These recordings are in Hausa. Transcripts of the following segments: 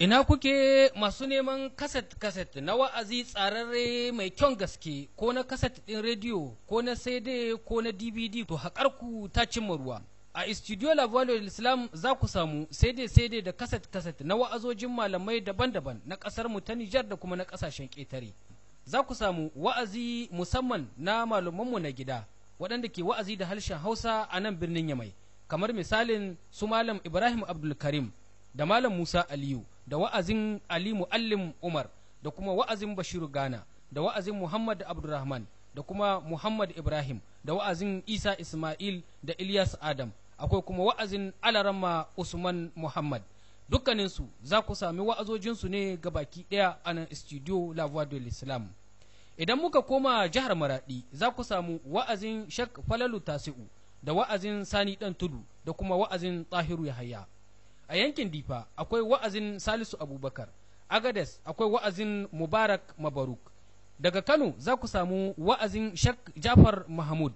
Ina kuke masu neman kaset-kaset na wa'azi tsararre mai kyon gaske ko na kaset ɗin rediyo ko na CD ko na DVD to ku ta cimma ruwa. A Studio La Voix Islam za ku samu CD-CD da kaset-kaset na wa'azojin malamai daban-daban na ƙasar mu ta Nijar da kuma na ƙasashen ƙetare. Za ku samu wa'azi musamman na malamanmu na gida waɗanda ke wa'azi da harshen Hausa a nan birnin Yamai, kamar misalin su Malam Ibrahim Abdulkarim da Malam Musa Aliyu. da wa'azin Ali Muallim Umar da kuma wa'azin Bashiru Gana da wa'azin Muhammad Abdurrahman da kuma Muhammad Ibrahim da wa'azin Isa Ismail da Ilyas Adam akwai kuma wa'azin Alarama Usman Muhammad dukkaninsu za ku sami wa'azojinsu ne ga baki ɗaya a nan studio La Voix idan muka koma jihar Maradi za ku samu wa'azin Sheikh Falalu Tasi'u da wa'azin Sani ɗan Tudu da kuma wa'azin Tahiru Yahaya a yankin difa akwai wa'azin salisu abubakar agades akwai wa'azin mubarak mabaruk daga kano za ku samu wa'azin shak jafar mahmud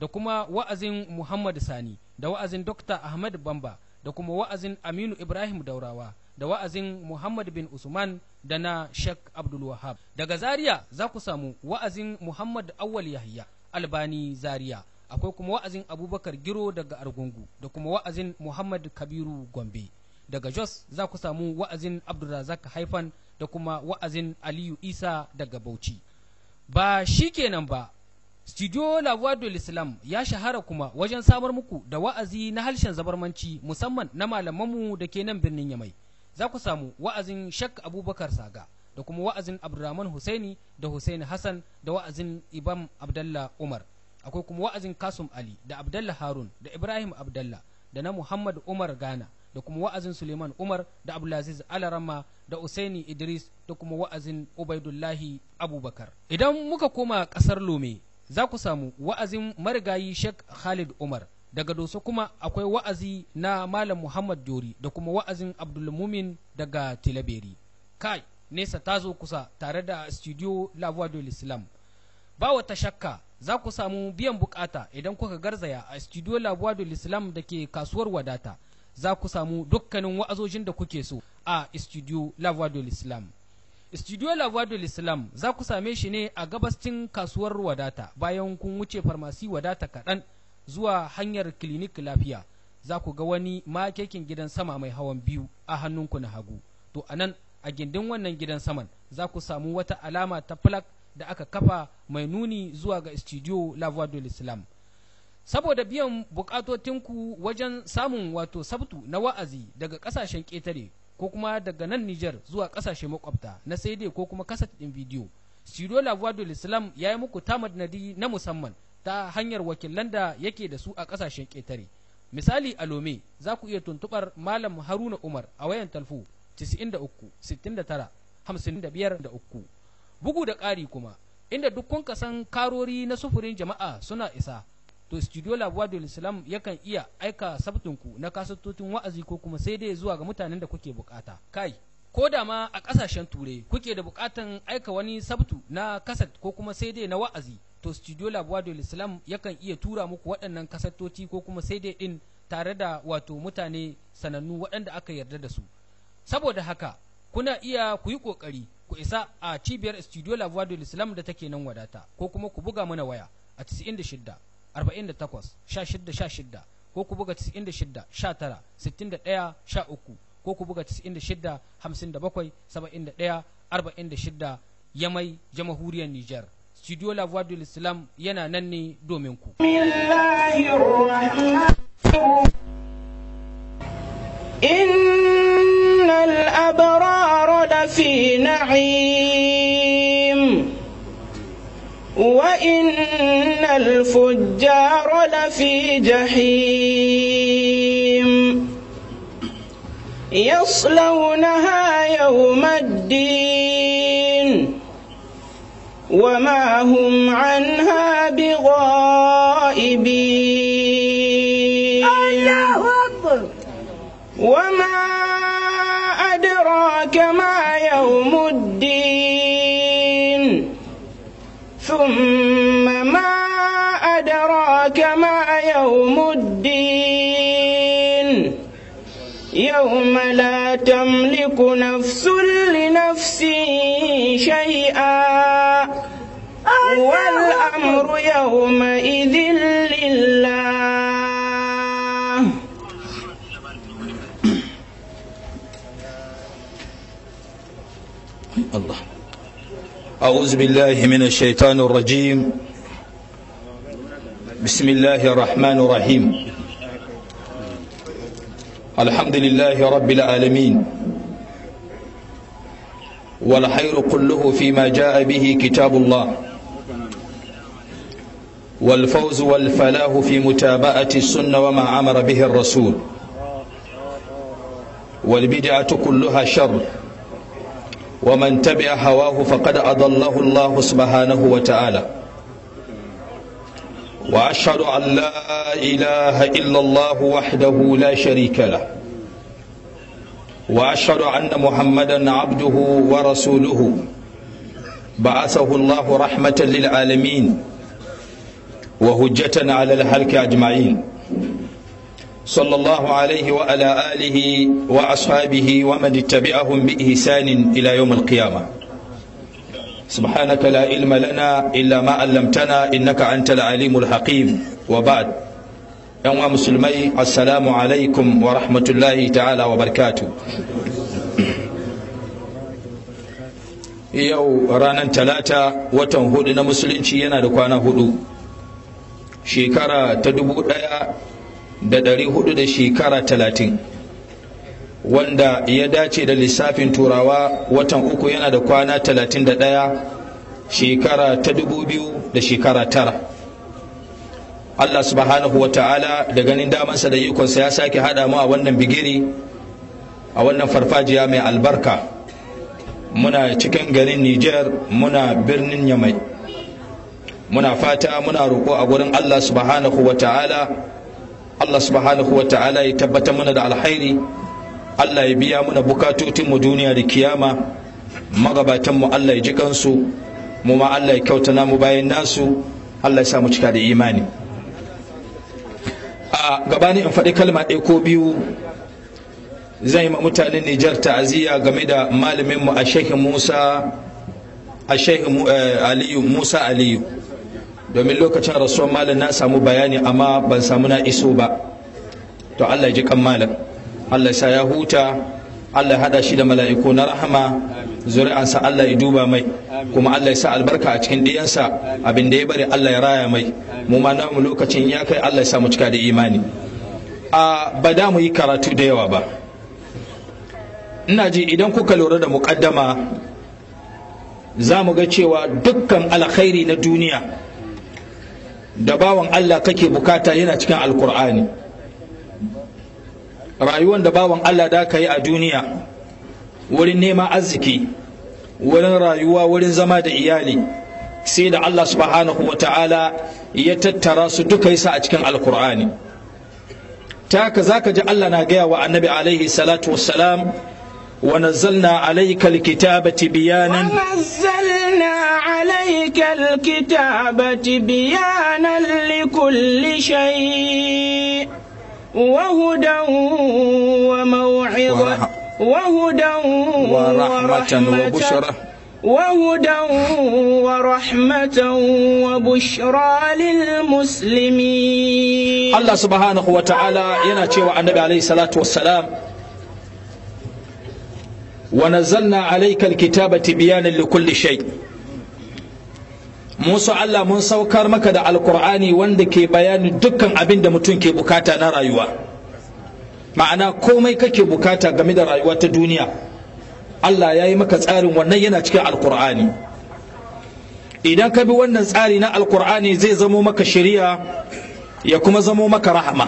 da kuma wa'azin muhammad sani da wa'azin dokta ahmad bamba da kuma wa'azin aminu ibrahim daurawa da wa'azin muhammad bin usman da na shak abdul wahab daga zaria za ku samu wa'azin muhammad awal yahya albani zaria akwai kuma wa'azin abubakar giro daga argungu da kuma wa'azin muhammad kabiru gombe daga Jos za ku samu wa'azin Abdulrazak Haifan da kuma wa'azin Aliyu Isa daga Bauchi. Ba shi kenan ba, Studio labuwa Islam ya shahara kuma wajen samar muku da wa'azi na harshen zabarmanci musamman na malamanmu da ke nan birnin Yamai. Za ku samu wa'azin Shak Abubakar Saga da kuma wa'azin Abdulrahman Husaini da Husaini Hassan da wa'azin Ibam Abdallah Umar. Akwai kuma wa'azin Kasum Ali da Abdallah Harun da Ibrahim Abdallah da na Muhammad Umar Ghana da kuma wa'azin Suleiman Umar da Abdulaziz Alarama da Usaini Idris da kuma wa'azin Ubaidullahi Abubakar. Idan muka koma ƙasar Lome za ku samu wa'azin marigayi Sheikh Khalid Umar daga Doso kuma akwai wa'azi na Malam Muhammad Jori da kuma wa'azin Abdulmumin daga Tilaberi. Kai nesa ta zo kusa tare da studio La Ba wata shakka za ku samu biyan bukata idan kuka garzaya a studio La Voix Islam da ke kasuwar wadata. za ku samu dukkanin wa'azojin da kuke so a Studio La Voix Studio La Voix za ku same shi ne a gabastin kasuwar wadata bayan kun wuce farmasi wadata kaɗan zuwa hanyar kilinik lafiya za ku ga wani makekin gidan sama mai hawan biyu a hannunku na hagu. To a nan a gindin wannan gidan saman za ku samu wata alama ta plak da aka kafa mai nuni zuwa ga Studio La Voix saboda biyan bukatotinku wajen samun wato sabtu na wa'azi daga kasashen ƙetare ko kuma daga nan Nijar zuwa kasashe makwabta na sai dai ko kuma kasat ɗin bidiyo Studio La Voix l'Islam ya yi muku tamad nadi na musamman ta hanyar wakilan da yake da su a kasashen ƙetare misali a Lome za ku iya tuntuɓar Malam Haruna Umar a wayan talfo 93 55 bugu da ƙari kuma inda duk kun kasan karori na sufurin jama'a suna isa to studio labuwa da islam yakan iya aika sabtinku na kasatotin wa'azi ko kuma sai dai zuwa ga mutanen da kuke bukata kai ko da ma a kasashen ture kuke da bukatan aika wani sabtu na kasat ko kuma sai dai na wa'azi to studio labuwa da islam yakan iya tura muku waɗannan kasatoti ko kuma sai dai din tare da wato mutane sanannu waɗanda aka yarda da su saboda haka kuna iya ku yi ƙoƙari ku isa a cibiyar studio la voix de l'islam da take nan wadata ko kuma ku buga mana waya a 96 arba'in da takwas sha shidda sha shidda ko ku buga cikin da shidda sha tara sittin da ɗaya sha uku ko ku buga cikin da shidda hamsin da bakwai saba'in da ɗaya arba'in da shidda ya mai jamahuriyar Nijar. Studio La Voix de l'Islam yana nan ne domin ku. إن الأبرار لفي نعيم وإن الفجار لفي جحيم يصلونها يوم الدين وما هم عنها بغائبين الله أكبر وما أدراك ما اليوم لا تملك نفس لنفس شيئا والأمر يومئذ لله الله أعوذ بالله من الشيطان الرجيم بسم الله الرحمن الرحيم الحمد لله رب العالمين والخير كله فيما جاء به كتاب الله والفوز والفلاه في متابعة السنة وما أمر به الرسول والبدعة كلها شر ومن تبع هواه فقد أضله الله سبحانه وتعالى وأشهد أن لا إله إلا الله وحده لا شريك له وأشهد أن محمدا عبده ورسوله بعثه الله رحمة للعالمين وهجة على الهلك أجمعين صلى الله عليه وعلى آله وأصحابه ومن اتبعهم بإحسان إلى يوم القيامة سبحانك لا علم لنا إلا ما علمتنا إنك أنت العليم الحكيم وبعد يوم مسلمي السلام عليكم ورحمة الله تعالى وبركاته yau ranar talata watan hudu na musulunci yana da kwana hudu shekara ta dubu daya da dari hudu da shekara talatin wanda ya dace da lissafin turawa watan uku yana da kwana 31 shekara ta 2000 da shekara tara Allah subhanahu wata'ala da ganin damansa da ikonsa ya sake hada mu a wannan bigiri a wannan farfajiya mai albarka muna cikin garin Nijar muna birnin Yamai muna fata muna roƙo a gurin Allah subhanahu wata'ala Allah subhanahu wata'ala ya tabbatar muna da alhairi Allah ya biya muna bukatotinmu duniya da kiyama magabatanmu Allah ya ji kansu mu ma Allah ya kyauta namu bayan nasu Allah ya sa mu cika da imani a gabani in faɗi kalma ɗaya ko biyu zan yi ma mutanen Nijar ta'aziyya game da malamin mu a Sheikh Musa a Sheikh eh, Aliyu Musa Aliyu domin lokacin rasuwar malam na samu bayani amma ban samu na iso ba to Allah ya ji kan malam Allah sa ya huta Allah hada shi da mala'iku na rahama zuri'ansa Allah ya duba mai kuma Allah ya sa albarka a cikin diyansa abin da ya bari Allah ya raya mai mu ma namu lokacin ya kai Allah ya sa mu cika da imani a ba da mu yi karatu da yawa ba ina ji idan kuka lura da muƙaddama za mu ga cewa dukkan alkhairi na duniya da bawan Allah kake bukata yana cikin alkur'ani rayuwar da bawan Allah da ka yi a duniya wurin nema arziki wurin rayuwa wurin zama da iyali sai da Allah subhanahu wa ta'ala ya tattara su duka yasa a cikin alkur'ani ta ka za ka ji Allah na gaya wa annabi alaihi salatu wassalam wa nazzalna alayka alkitaba tibyanan wa nazzalna alayka alkitaba tibyanan likulli وهدى وموعظة وهدى ورحمة وبشرى وهدى ورحمة وبشرى للمسلمين الله سبحانه وتعالى يناتي وعن النبي عليه الصلاة والسلام ونزلنا عليك الكتاب تبيانا لكل شيء musu Allah mun saukar maka da alkur'ani wanda ke bayani dukkan abin da mutum ke bukata na rayuwa ma'ana komai kake bukata game da rayuwa ta duniya Allah ya yi maka tsarin wannan yana cikin alkur'ani idan ka bi wannan tsari na alkur'ani zai zamo maka shari'a ya kuma zamo maka rahama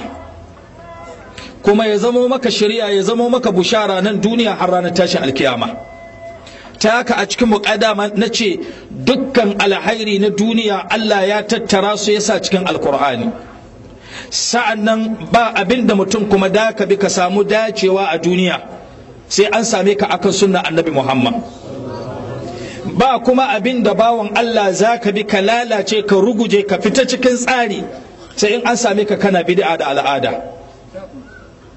kuma ya zamo maka shari'a ya zamo maka bushara nan duniya har ranar tashin alkiyama taka a cikin muƙadama na ce dukkan alhairi na duniya Allah ya tattara su yasa cikin alkur'ani sa'annan ba abin da mutum kuma da ka bi ka samu dacewa a duniya sai an same ka akan sunna annabi Muhammad ba kuma abin da bawan Allah za ka bi ka lalace ka ruguje ka fita cikin tsari sai in an same ka kana bid'a da al'ada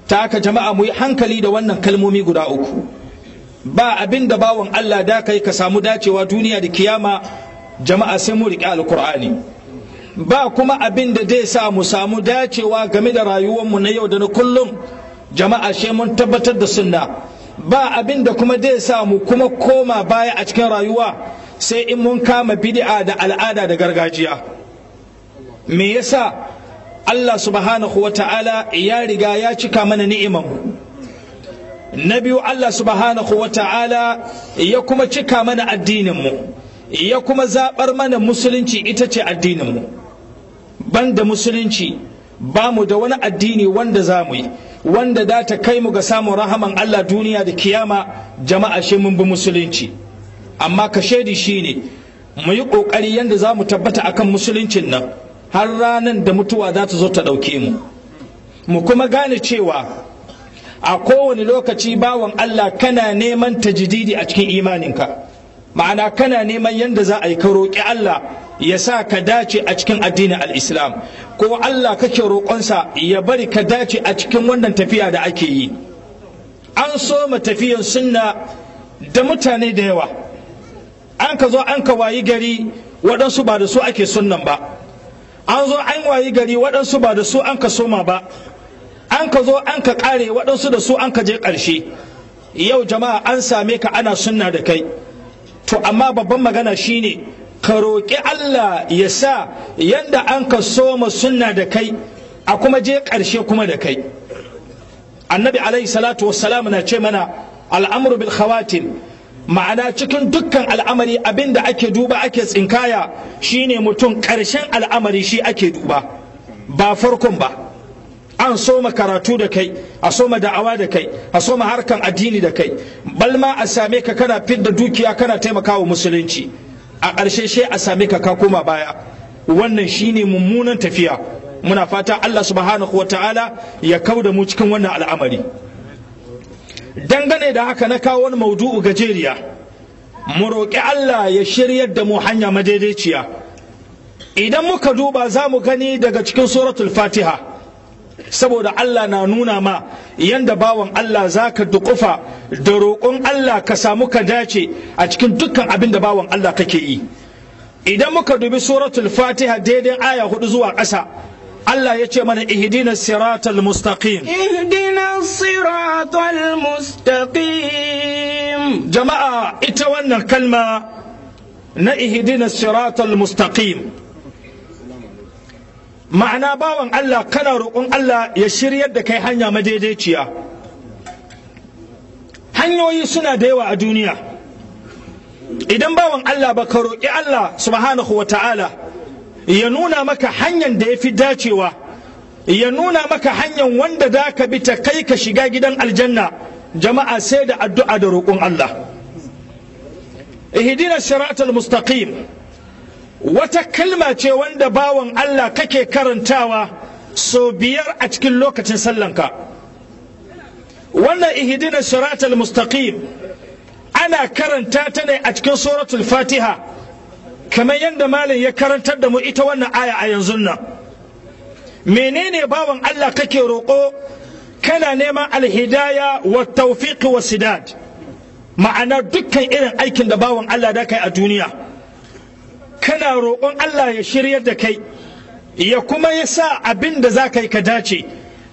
ta haka jama'a mu yi hankali da wannan kalmomi guda uku ba abin da bawan Allah da kai ka samu dacewa duniya da kiyama jama'a sai mu riƙe alkur'ani ba kuma abin da zai sa mu samu dacewa game da rayuwar mu na yau da na kullum jama'a sai mun tabbatar da sunna ba abin da kuma zai sa mu kuma koma baya a cikin rayuwa sai in mun kama bid'a da al'ada da gargajiya me yasa Allah subhanahu wa ta'ala ya riga ya cika mana ni'imanmu na biyu Allah subhanahu wa ta'ala ya kuma cika mana addininmu ya kuma zaɓar mana musulunci ita ce addininmu banda musulunci ba mu da wani addini wanda za mu yi wanda da ta kai mu ga samun rahaman Allah duniya da kiyama jama'a shi mun bi musulunci amma ka shaidi shi ne mu yi ƙoƙari yadda za mu tabbata akan musuluncin nan har ranar da mutuwa za ta zo ta ɗauke mu mu kuma gane cewa a kowane lokaci bawan Allah kana neman tajididi a cikin imaninka ma'ana kana neman yadda za a yi ka roƙi Allah ya sa ka dace a cikin addinin al'islam ko Allah kake roƙonsa ya bari ka dace a cikin wannan tafiya da ake yi an so ma tafiyan sunna da mutane da yawa an ka zo an ka wayi gari waɗansu ba da su ake sunnan ba an zo an wayi gari waɗansu ba da su an ka soma ba an ka zo an ka ƙare waɗansu da su an ka je ƙarshe yau jama'a an same ka ana sunna da kai to amma babban magana shine ka roƙi Allah ya sa yadda an ka soma sunna da kai a kuma je ƙarshe kuma da kai annabi alaihi salatu wassalam na ce mana al'amru bil khawatim ma'ana cikin dukkan al'amari abinda ake duba ake tsinkaya shine mutum ƙarshen al'amari shi ake duba ba farkon ba an soma karatu da kai a soma da'awa da kai a soma harkan addini da kai balma a same ka kana fidda dukiya kana taimakawa musulunci a ƙarshe she a same ka ka koma baya wannan shine mummunan tafiya muna fata Allah subhanahu wata'ala ya kau da mu cikin wannan al'amari dangane da haka na kawo wani maudu'u gajeriya mu roƙi Allah ya shiryar da mu hanya madaidaiciya idan muka duba za mu gani daga cikin suratul fatiha saboda Allah na nuna ma yanda bawan Allah za ka dukufa da roƙon Allah ka samu ka dace a cikin dukkan abin da bawan Allah kake yi idan muka dubi suratul fatiha daidai aya hudu zuwa ƙasa Allah ya ce mana ihdina siratal mustaqim ihdina siratal mustaqim jama'a ita wannan kalma na ihdina siratal mustaqim ma'ana bawan Allah kana roƙon Allah ya shiryar da kai hanya madaidaiciya hanyoyi suna da yawa a duniya idan bawan Allah ba ka roƙi Allah subhanahu wa ta'ala ya nuna maka hanyar da ya fi dacewa ya nuna maka hanyar wanda za ka bi ta kai ka shiga gidan aljanna jama'a sai da addu'a da roƙon Allah ihdina siratal mustaqim wata kalma ce wanda bawan Allah kake karantawa so biyar a cikin lokacin sallanka wannan ihidina siratal mustaqim ana karanta ta ne a cikin suratul fatiha kamar yadda malam ya karantar da mu ita wannan aya a yanzu nan menene bawan Allah kake roƙo kana neman alhidaya wa tawfiq wa sidad ma'ana dukkan irin aikin da bawan Allah da kai a duniya kana roƙon Allah ya shiryar da kai ya kuma ya sa abin da za ka yi ka dace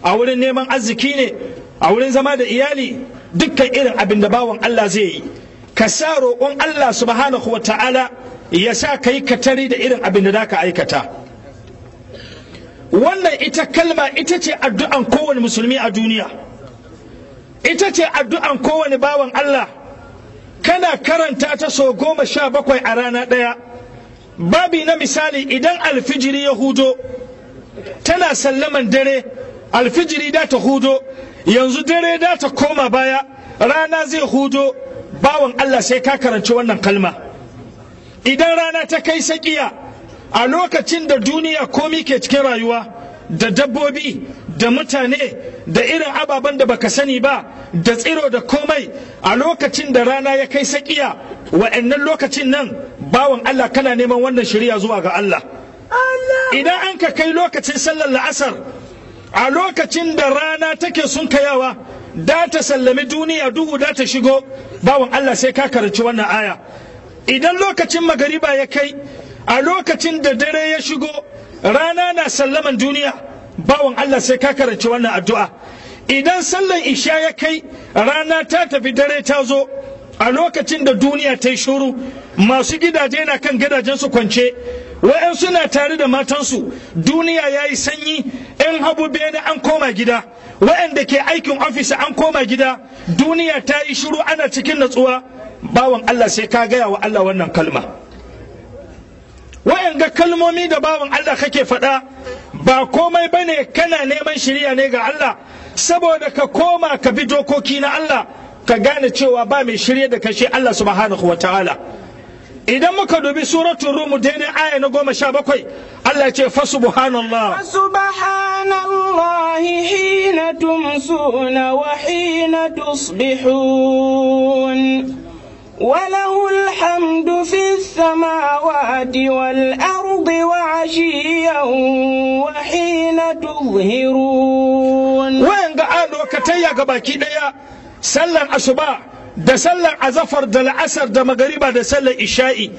a wurin neman arziki ne a wurin zama da iyali dukkan irin abin da bawan Allah zai yi ka sa roƙon Allah subhanahu wa ta'ala ya sa ka yi katari da irin abin da za ka aikata wannan ita kalma ita ce addu'an kowane musulmi a duniya ita ce addu'an kowane bawan Allah kana karanta ta so goma sha bakwai a rana ɗaya babi na misali idan alfijiri ya hudo tana sallaman dare alfijiri da ta hudo yanzu dare da ta koma baya rana zai hudo bawan Allah sai ka karanci wannan kalma idan rana ta kai sakiya a lokacin da duniya komi ke cikin rayuwa da dabbobi da mutane da irin ababen da baka sani ba da tsiro da komai a lokacin da rana ya kai sakiya wa'annan lokacin nan bawan Allah kana neman wannan shari'a zuwa ga Allah idan an ka kai lokacin sallar la'asar a lokacin da rana take sunkayawa da ta sallami duniya duhu da ta shigo bawan Allah sai ka karanci wannan aya idan lokacin magariba ya kai a lokacin da dare ya shigo rana na sallaman duniya bawan Allah sai ka karanci wannan addu'a idan sallan isha ya kai rana ta tafi dare ta zo a lokacin da duniya ta yi shuru masu gidaje na kan su kwance wa'yan suna tare da matansu duniya ya yi sanyi in habu bene an koma gida wa'yanda ke aikin ofis an koma gida duniya ta yi shiru ana cikin natsuwa bawan Allah sai ka gaya wa Allah wannan kalma ga kalmomi da bawan Allah kake faɗa ba komai bane kana neman shirya ne ga Allah saboda ka koma ka bi dokoki na Allah ka gane cewa ba mai shirya da kashe Allah subhanahu wa ta'ala idan muka dubi suratun rumu daidai aya na goma sha bakwai Allah ce fa subhanallah subhanallah hina tumsuna wa hina tusbihun وله الحمد في السماوات والأرض وعشيا وحين تظهرون وين قالوا كتيا قباكي ديا سلم أشباع da sallar azafar da la'asar da magariba da sallar isha'i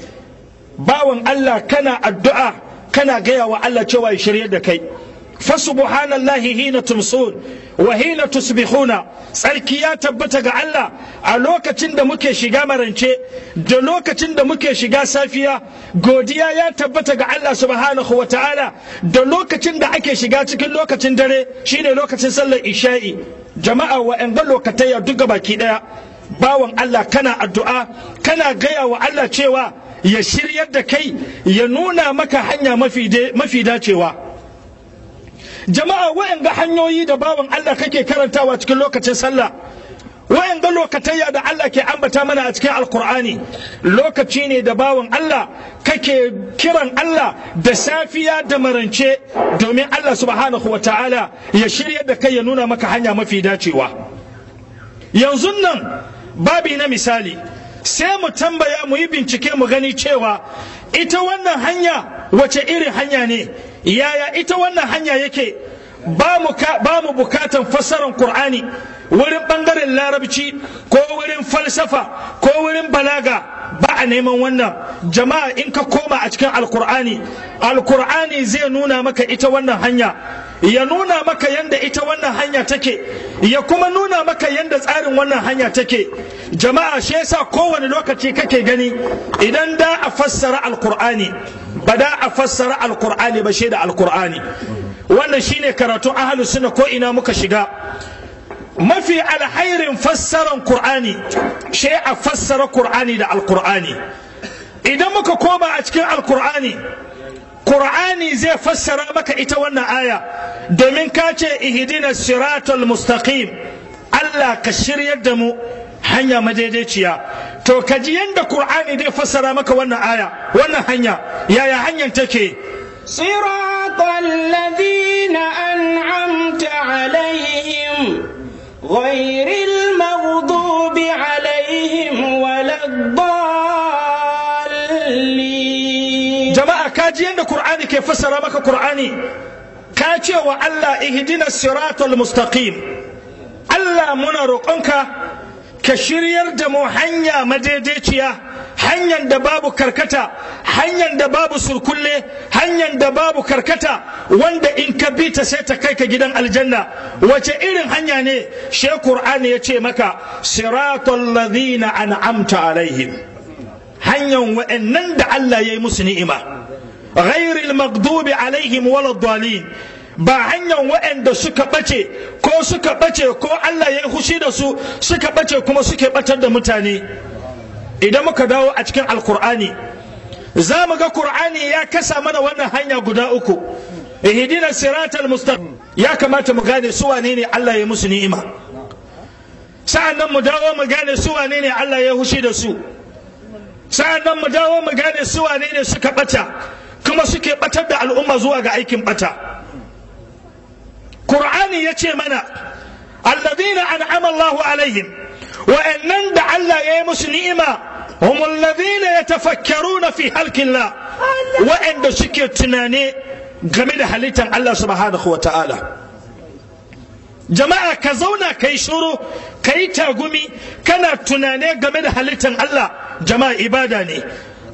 bawan Allah kana addu'a kana gaya wa Allah cewa ya shirye da kai fa subhanallahi hina tumsun wa hina tusbihuna tsarki ya tabbata ga Allah a lokacin da muke shiga marance da lokacin da muke shiga safiya godiya ya tabbata ga Allah subhanahu wa ta'ala da lokacin da ake shiga cikin lokacin dare shine lokacin sallar isha'i jama'a wa'anga ya duka baki daya bawan Allah kana addu'a kana gaya wa Allah cewa ya shiryar da kai ya nuna maka hanya mafi dacewa jama'a wayan ga hanyoyi da bawan Allah kake karantawa cikin lokacin sallah wayan ga lokatayya da Allah ke ambata mana a cikin alkur'ani lokaci ne da bawan Allah kake kiran Allah da safiya da marance domin Allah subhanahu wa ta'ala ya shirya da kai ya nuna maka hanya mafi dacewa yanzu nan babi na misali sai mu tambaya mu yi bincike mu gani cewa ita wannan hanya wace irin hanya ne yaya ita wannan hanya yake Bamu mu bukatan fassarar qur'ani wurin ɓangaren larabci ko wurin falsafa ko wurin balaga ba a neman wannan jama'a in ka koma a cikin alkur'ani alkur'ani zai nuna maka ita wannan hanya ya nuna maka yadda ita wannan hanya take ya kuma nuna maka yadda tsarin wannan hanya take jama'a shi yasa kowane lokaci kake gani idan da a fassara alkur'ani ba da a fassara alkur'ani ba shi da alkur'ani wannan shine karatu ahalus sunna ko ina muka shiga mafi alhairin fassaran qur'ani shi a fassara qur'ani da alqur'ani idan muka koma a cikin alqur'ani qur'ani zai fassara maka ita wannan aya domin ka ce ihdina siratal mustaqim Allah ka shiryar da mu hanya madaidaiciya to ka ji yadda qur'ani zai fassara maka wannan aya wannan hanya yaya hanyar take صراط الذين أنعمت عليهم غير المغضوب عليهم ولا الضالين جماعة كاجي عند قرآن كيف فسر مك قرآني كاجي وألا اهدنا الصراط المستقيم ألا منا رقنك كشرير دمو حنيا مديديتيا hanyar da babu karkata hanyar da babu surkulle hanyar da babu karkata wanda in ka bi ta sai ta kai ka gidan aljanna wace irin hanya ne she qur'ani ya ce maka siratal ladina an'amta alaihim hanyar wa'annan da Allah ya yi musu ni'ima ghairil maghdubi alaihim waladdallin ba hanyar waɗanda suka ɓace ko suka ɓace ko Allah ya yi hushi da su suka ɓace kuma suke ɓatar da mutane idan muka dawo a cikin alkur'ani za mu ga kur'ani ya kasa mana wannan hanya guda uku ihdina siratal mustaqim ya kamata mu gane su wane ne Allah ya musu ni'ima sa'annan mu dawo mu gane su wane ne Allah ya hushi da su sa'annan mu dawo mu gane su wane ne suka bata kuma suke batar da al'umma zuwa ga aikin bata qur'ani yace mana alladhina an'ama Allahu alaihim wa'annan da Allah ya yi musu ni'ima هم الذين يتفكرون fi خلق الله وعند suke تناني game da الله Allah وتعالى jama'a ka zauna ka yi shuru ka yi tagumi kana tunane game da halittar Allah jama'a ibada ne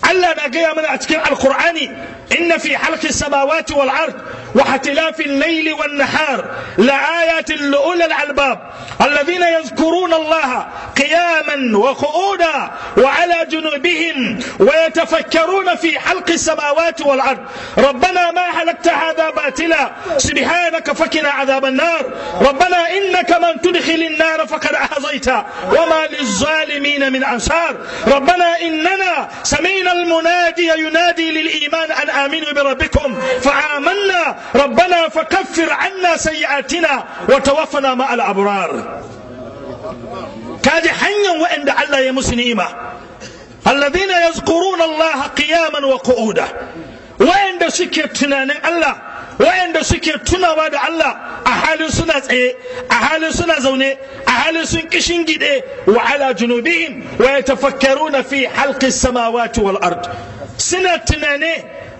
Allah na gaya mana a cikin alkur'ani إن في حلق السماوات والأرض واحتلاف الليل والنهار لآيات لأولي الألباب الذين يذكرون الله قياما وقعودا وعلى جنوبهم ويتفكرون في حلق السماوات والأرض ربنا ما هلكت هذا باطلا سبحانك فكنا عذاب النار ربنا إنك من تدخل النار فقد أحظيت وما للظالمين من أنصار ربنا إننا سمعنا المنادي ينادي للإيمان أن آمنوا بربكم فآمنا ربنا فكفر عنا سيئاتنا وتوفنا مع الأبرار كاد حنيا وإن الله يمس الذين يذكرون الله قياما وقعودا وإن سكت تنانا الله waɗanda suke tunawa da Allah a halin suna tsaye a halin suna zaune a halin sun kishin gide wa ala junubihim wa yatafakkaruna fi halqis samawati wal ard suna tunane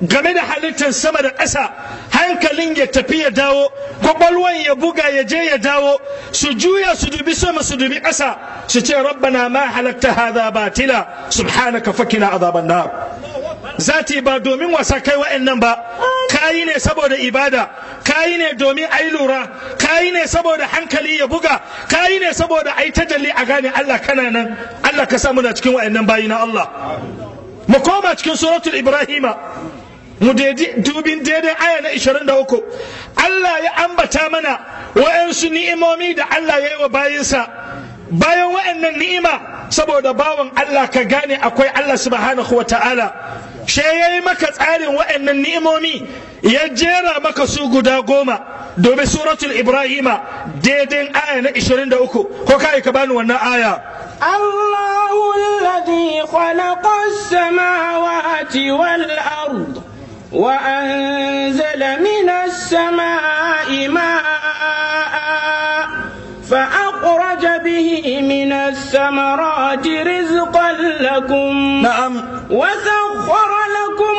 game da halittar sama da ƙasa hankalin ya tafi ya dawo kwakwalwan ya buga ya je ya dawo su juya su dubi sama su dubi ƙasa su ce rabbana ma halatta hadha batila subhanaka fakina azaban nar zati ba domin wasa kai wa'annan ba kayi ne saboda ibada kayi ne domin ayi lura kayi ne saboda hankali ya buga kayi ne saboda ayi tajalli a gane Allah kana nan Allah ka samu na cikin wa'annan bayi na Allah mu koma cikin suratul ibrahima mu daidai dubin daidai aya na 23 Allah ya ambata mana wa'ansu ni'imomi da Allah ya yi wa bayinsa bayan wa'annan ni'ima saboda bawan Allah ka gane akwai Allah subhanahu wa ta'ala she ya yi maka tsarin wa'annan ni'imomi ya jera maka su guda goma domin suratul ibrahima daidai aya na 23 ko kai ka bani wannan aya الله الذي خلق السماوات والأرض وأنزل من السماء ماء فأخرج به من الثمرات رزقا لكم نعم وسخر لكم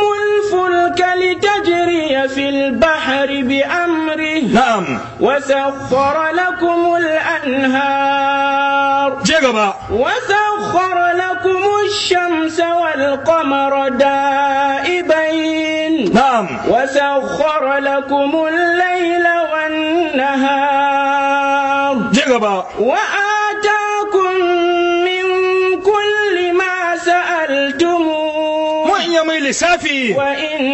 الفلك لتجري في البحر بأمره نعم وسخر لكم الأنهار جيغبا وسخر لكم الشمس والقمر دائبين نعم وسخر لكم الليل والنهار جيغبا وأ lissafi wa in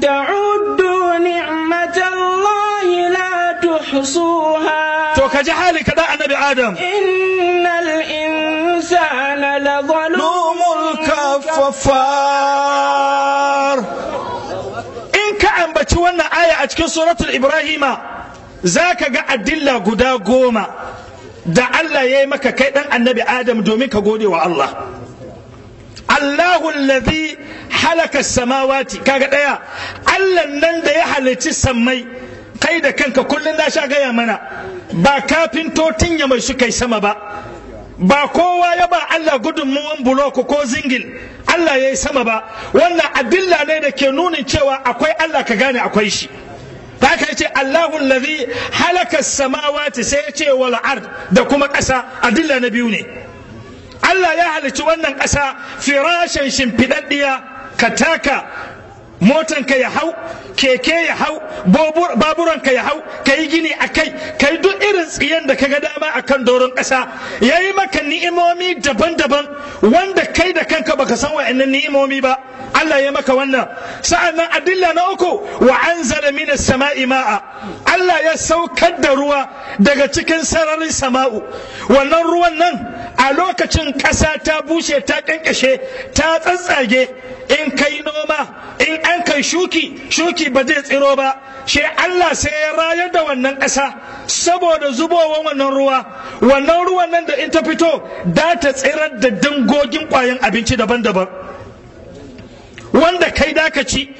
ta'uddu ni'matallahi la tuhsuha to ji hali kada annabi adam innal insana la zalumul kafafar. in ka ambaci wannan aya a cikin suratul ibrahima zaka ga adilla guda goma da Allah ya yi maka kai dan annabi adam domin ka gode wa Allah Allahu allazi halaka samawati kaga ɗaya, Allah nan da ya halici sammai kai da kanka kullun da sha gaya mana ba totin ya mai suka kai sama ba ba kowa ya ba Allah gudunmuwan buloku ko zingil Allah ya yi sama ba wannan adilla ne da ke nunin cewa akwai Allah ka gane akwai shi ta ka ce Allahu lazi halaka samawati sai ya ce wal ard da kuma ƙasa adilla na biyu ne Allah ya halicci wannan ƙasa firashin shimfiɗaɗɗiya ka taka motanka ya hau keke ya hau baburanka ya hau ka yi gini a kai ka yi duk irin tsiyan da ka ga dama a kan doron ƙasa ya yi maka ni'imomi daban-daban wanda kai da kanka baka san wa'annan ni'imomi ba Allah ya maka wannan sa'annan adilla na uku wa anzala minas sama'i ma'a Allah ya saukar da ruwa daga cikin sararin sama'u wannan ruwan nan a lokacin ƙasa ta bushe ta ƙanƙashe ta tsatsage in kai noma in an kai shuki shuki ba zai tsiro ba shi Allah sai ya rayar da wannan ƙasa saboda zubowa wannan ruwa wannan ruwan nan da in ta fito da ta tsirar da dangogin ƙwayan abinci daban-daban wanda kai da ka ci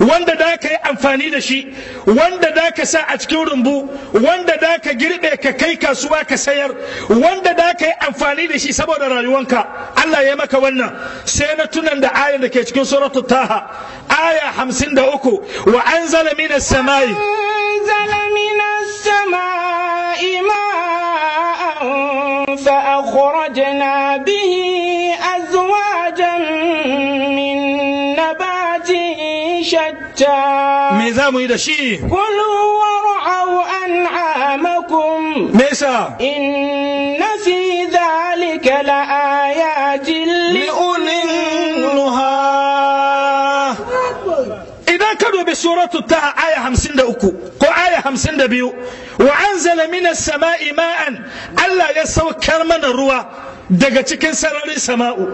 wanda da ka yi amfani da shi wanda da ka sa a cikin rumbu wanda da ka girbe ka kai kasuwa ka sayar wanda da ka yi amfani da shi saboda rayuwanka Allah ya maka wannan sai na tunan da ayar da ke cikin suratu taha aya hamsin da uku wa samai anzala minas samai fa akhrajna bihi azwajan min nabat shatta me za mu yi da shi kul war'au an'amakum me yasa inna fi dhalika la ayatin li dubi suratu taha aya hamsin da uku ko aya hamsin da biyu wa mina sama'i ma'an Allah ya saukar mana ruwa daga cikin sararin sama'u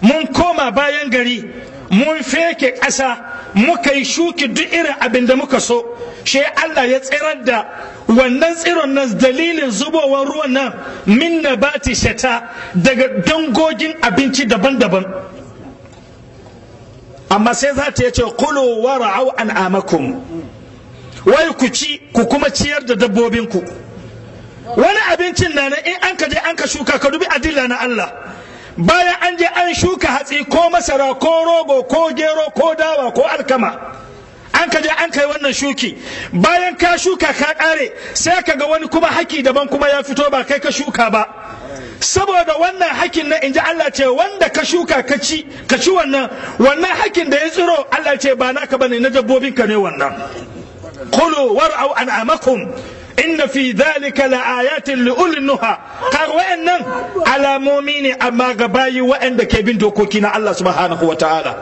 mun koma bayan gari mun feke ƙasa muka yi shuki duk irin abin da muka so shi Allah ya tsirar da wannan tsiron nan dalilin zubowar ruwan nan min nabati shata daga dangogin abinci daban-daban amma sai za ta yace kulu wa ra'au an amakum wai ku ci ku kuma ciyar da dabbobinku wani abincin na in an ka je an ka shuka ka dubi adilla na Allah bayan an je an shuka hatsi ko masara ko rogo ko gero ko dawa ko alkama an ka je an kai wannan shuki bayan ka shuka ka kare sai ka ga wani kuma haki daban kuma ya fito ba kai ka shuka ba saboda wannan hakin na inji Allah ce wanda ka shuka ka ci ka ci wannan wannan hakin da ya tsiro Allah ce ba naka bane na dabbobin ka ne wannan qulu war'u an'amakum inna fi dhalika la ayatin li ulil nuha kar wayannan alamomi ne amma ga bayi wayanda ke bin dokoki na Allah subhanahu wa ta'ala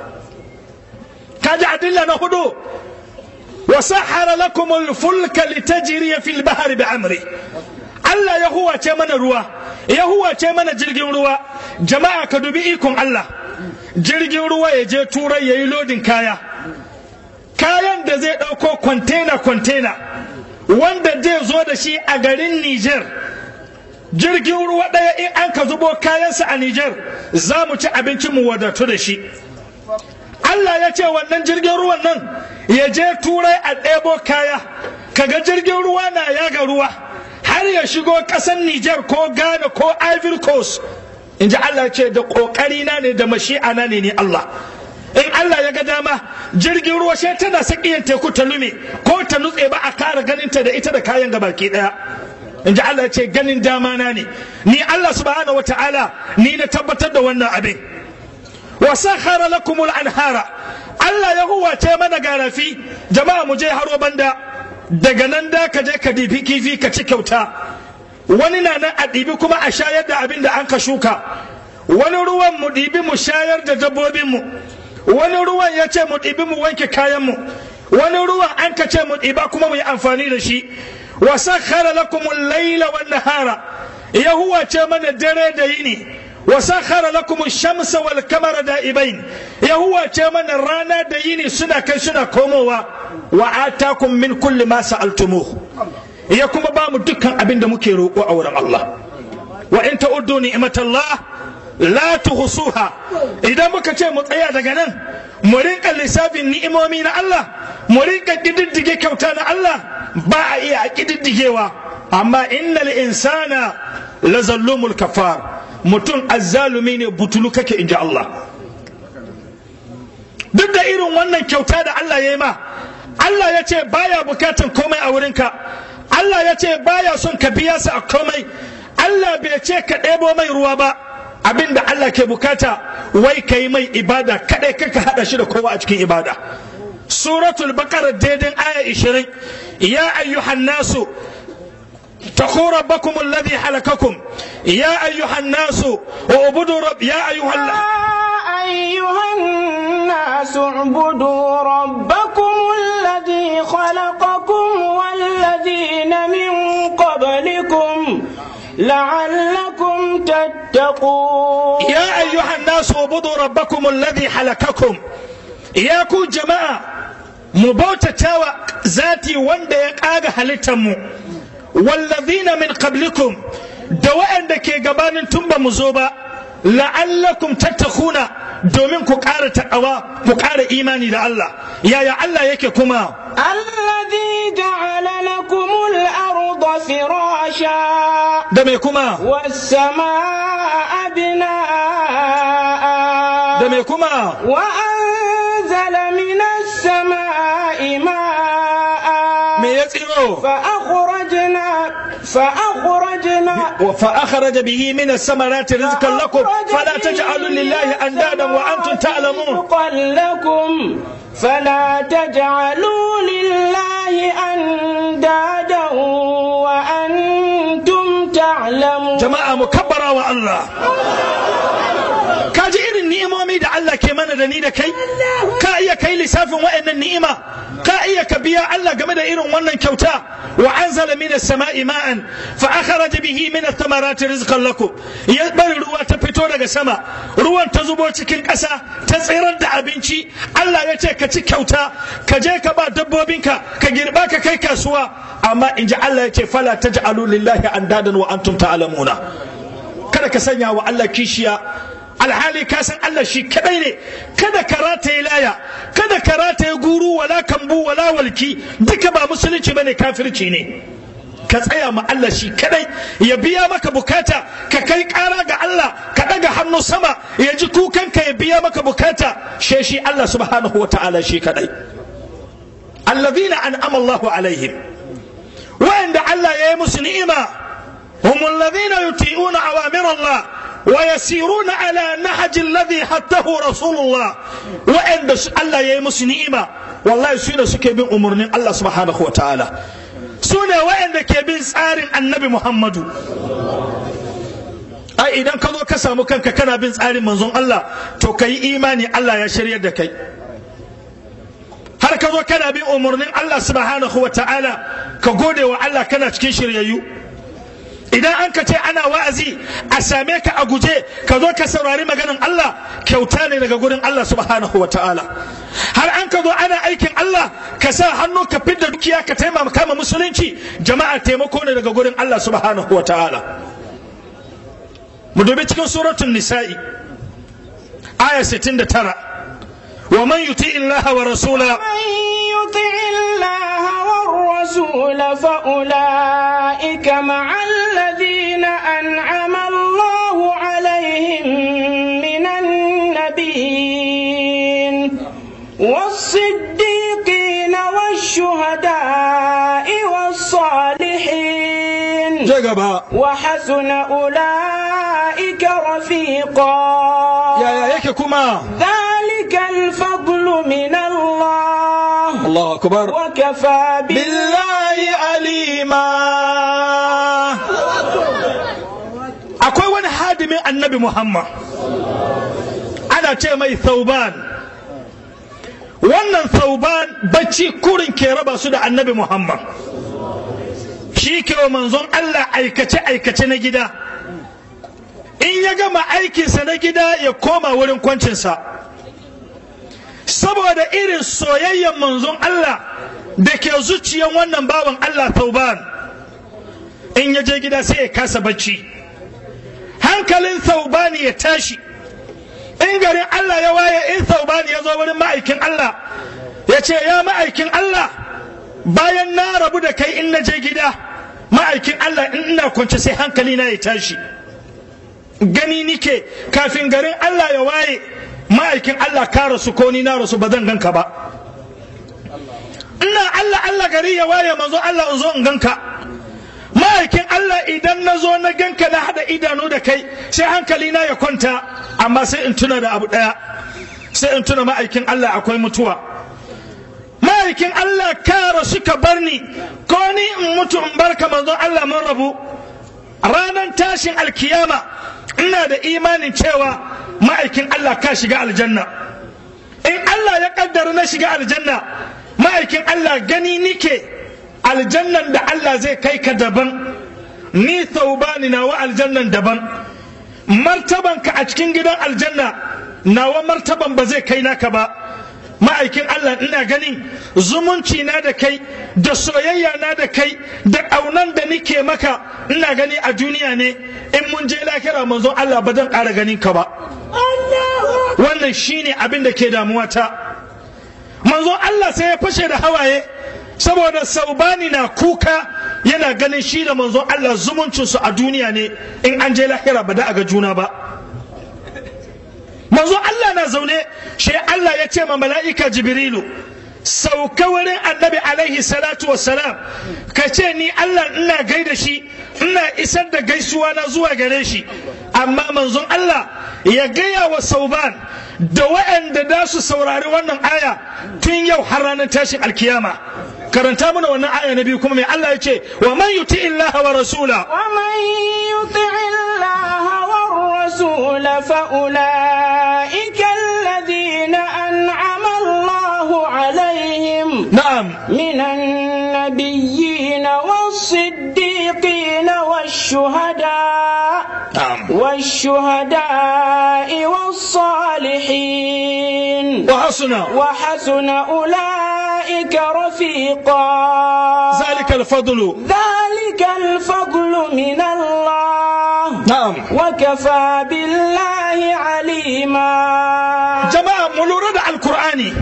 kaji adilla na hudu wa sahara lakum al fulka litajriya fil bahri bi amri Allah ya huwace mana ruwa ya huwace mana jirgin ruwa jama'a ka dubi ikon Allah jirgin ruwa ya je turai ya yi lodin kaya kayan da zai ɗauko kwantena kwantena wanda zai zo da shi a garin Nijar jirgin ruwa ɗaya in an ka zubo kayansa a Nijar za mu ci abincin mu wadatu da shi Allah ya ce wannan jirgin ruwan nan ya je turai a ɗebo kaya kaga jirgin ruwa na yaga ruwa har ya shigo ƙasar Nijar ko Ghana ko Ivory Coast in ji Allah ce da ƙoƙari na ne da mashi'a na ne ni Allah in Allah ya ga dama jirgin ruwa shi tana sakiyar teku ta lume ko ta nutse ba a kara ganinta da ita da kayan gabaki daya in ji Allah ce ganin dama na ne ni Allah subhanahu wa ta'ala ni na tabbatar da wannan abin wa sakhara lakumul anhara Allah ya huwace mana garafi jama'a mu je haro banda daga nan da ka je ka dibi kifi ka ci kyauta wani na nan a dibi kuma a shayar da abin da an ka shuka wani ruwan mu dibi mu shayar da dabbobin mu wani ruwan ya ce mu ɗibi mu wanke kayanmu wani ruwan an ka ce mu ɗiba kuma mu yi amfani da shi wa sakhara lakum al-laila wan nahara ya huwace mana dare da yini wa sakhara lakum ash-shamsa wal qamara da'ibain ya huwace mana rana da yini suna kai suna komowa wa atakum min kulli ma sa'altumuhu ya kuma ba mu dukkan abin da muke roƙo a wurin Allah wa in ta'uddu ni'matallah la husuha, idan muka ce mu tsaya daga nan mu rinka lissafin ni'imomi na Allah mu rinka kididdige kyauta na Allah ba a iya kididdigewa amma innal insana la zallumul kafar mutum azzalumi ne butulu kake inji Allah duk da irin wannan kyauta da Allah ya yi ma Allah ya ce baya bukatan komai a wurinka Allah ya ce baya son ka biya sa a komai Allah bai ce ka ɗebo mai ruwa ba abin da Allah ke bukata wai ka yi mai ibada kadai kaka hada shi da kowa a cikin ibada suratul baqara daidin aya 20 ya ayyuhan nasu تقوا ربكم الذي حلقكم يا أيها الناس اعبدوا رب يا أيها ال... أيها الناس اعبدوا ربكم الذي خلقكم والذين من قبلكم لعلكم تتقون يا أيها الناس اعبدوا ربكم الذي حلقكم إياكم جماعة مبوتة تاوى ذاتي وند يقاغ هلتم والذين من قبلكم دوأن دكي قبان تنبى مزوبا la'allakum tattakuna domin ku ƙara taƙawa ku ƙara imani da Allah yaya Allah yake kuma alladhi ja'ala lakumul arda firasha da me kuma was samaa binaa da me kuma wa anzala minas samaa'i me ya tsiro fa akhrajna fa akhrajna fa akhraja bihi min as-samarati rizqan lakum fala taj'alu lillahi andadan wa antum ta'lamun lakum fala taj'alu lillahi andadan wa antum ta'lamun jama'a mukabbara wa Allah ka ji irin ni'imomi da Allah ke mana da ni da kai ka iya kai lissafin wa'annan ni'ima ka iya ka biya Allah game da irin wannan kyauta wa anzala min as-sama'i ma'an fa akhraja bihi min ath-thamarati rizqan lakum ya bar ruwa ta fito daga sama ruwan ta zubo cikin ƙasa ta tsirar da abinci Allah ya ce ka ci kyauta ka je ka ba dabbobinka ka girba ka kai kasuwa amma in ji Allah ya ce fala taj'alu lillahi andadan wa antum ta'lamuna kada ka sanya wa Allah kishiya alhali ka san Allah shi kadai ne kada ka rataye laya kada ka rataye guru wala kambu wala walki duka ba musulunci bane kafirci ne ka tsaya ma Allah shi kadai ya biya maka bukata ka kai kara ga Allah ka daga hannu sama ya ji kukanka ya biya maka bukata she shi Allah subhanahu wataala shi kadai allazina an'ama Allahu alaihim wa'anda Allah ya yi musu ni'ima هم الذين يطيعون أوامر الله ويسيرون على نهج الذي حته رسول الله وإن الله يمس نئمة والله سنة سكبين أمرنا الله سبحانه وتعالى سنة وإن كبين سار النبي محمد ai idan ka ka samu kanka kana bin tsarin manzon Allah to ka yi imani Allah ya shirya da kai har ka kana bin umarnin Allah subhanahu wa ta'ala ka gode wa Allah kana cikin shiryayyu idan an ka ce ana wa'azi a same ka a guje ka zo ka saurari maganin Allah kyauta ne daga gurin Allah subhanahu har an ka zo ana aikin Allah ka sa hannu ka fidda dukiya ka taimaka ma musulunci jama'a taimako ne daga gurin Allah subhanahu ta'ala mu dubi cikin suratun nisa'i aya 69 ومن يطع الله ورسوله ومن يطع الله والرسول فأولئك مع الذين أنعم الله عليهم من النبيين والصديقين والشهداء والصالحين وحسن أولئك رفيقا يا يا يا كما ذلك الله أكبر وكفى بالله عليما أكوي وانا هادم النبي محمد أنا ثوبان wannan sauban bacci kurin ke raba su da annabi muhammad shi ke wa manzon allah aikace-aikace na gida in ya gama aikinsa na gida ya koma wurin kwancinsa saboda irin soyayyen manzon Allah da ke zuciyan wannan bawan Allah tauban in ya je gida sai ya kasa bacci hankalin taubani ya tashi in garin Allah ya waye in taubani ya zo wurin ma'aikin Allah ya ce ya ma'aikin Allah bayan na rabu da kai in na je gida ma'aikin Allah in ina kwance sai hankali na ya tashi gani nike kafin garin Allah ya waye ma'aikin Allah ka rasu ko ni na rasu ba zan ganka ba ina Allah Allah gari ya waye manzo Allah in zo in ganka ma'aikin Allah idan na zo na ganka na hada idanu da kai sai hankali na ya kwanta amma sai in tuna da abu daya sai in tuna ma'aikin Allah akwai mutuwa ma'aikin Allah ka rasu ka bar ni ko ni in mutu in barka manzo Allah mun rabu ranar tashin alkiyama ina da imanin cewa ma'aikin Allah ka shiga aljanna in Allah ya kaddara na shiga aljanna ma'aikin Allah gani nike aljannan da Allah zai kai ka daban ni taubani nawa aljannan daban martaban ka a cikin gidan aljanna nawa martaban ba zai kai naka ba ma'aikin Allah ina ganin zumunci na da kai da soyayya na da kai da ƙaunan da nike maka ina gani a duniya ne in mun je lahira manzon Allah ba zan ƙara ganin ka ba wannan shine abin da ke damuwa ta manzon Allah sai ya fashe da hawaye saboda saubani na kuka yana ganin shi da manzon Allah zumuncinsu a duniya ne in an je lahira ba da a ga juna ba manzo Allah na zaune shi Allah ya ce ma mala'ika jibrilu sauka wurin annabi alaihi salatu wassalam ka ce ni Allah ina gaida shi ina isar da gaisuwa na zuwa gare shi amma manzon Allah ya gaya wa sauban da waɗanda da su saurari wannan aya tun yau har ranar tashin alkiyama karanta mana wannan aya na biyu kuma mai Allah ya ce wa man yuti illaha wa rasula wa man yuti illaha الرسول فأولئك الذين أنعم الله عليهم نعم من النبيين والصديقين والشهداء نعم والشهداء والصالحين وحسن وحسن أولئك رفيقا ذلك الفضل ذلك الفضل من الله na'am wa kafa billahi alima jama'a mu lura da alqur'ani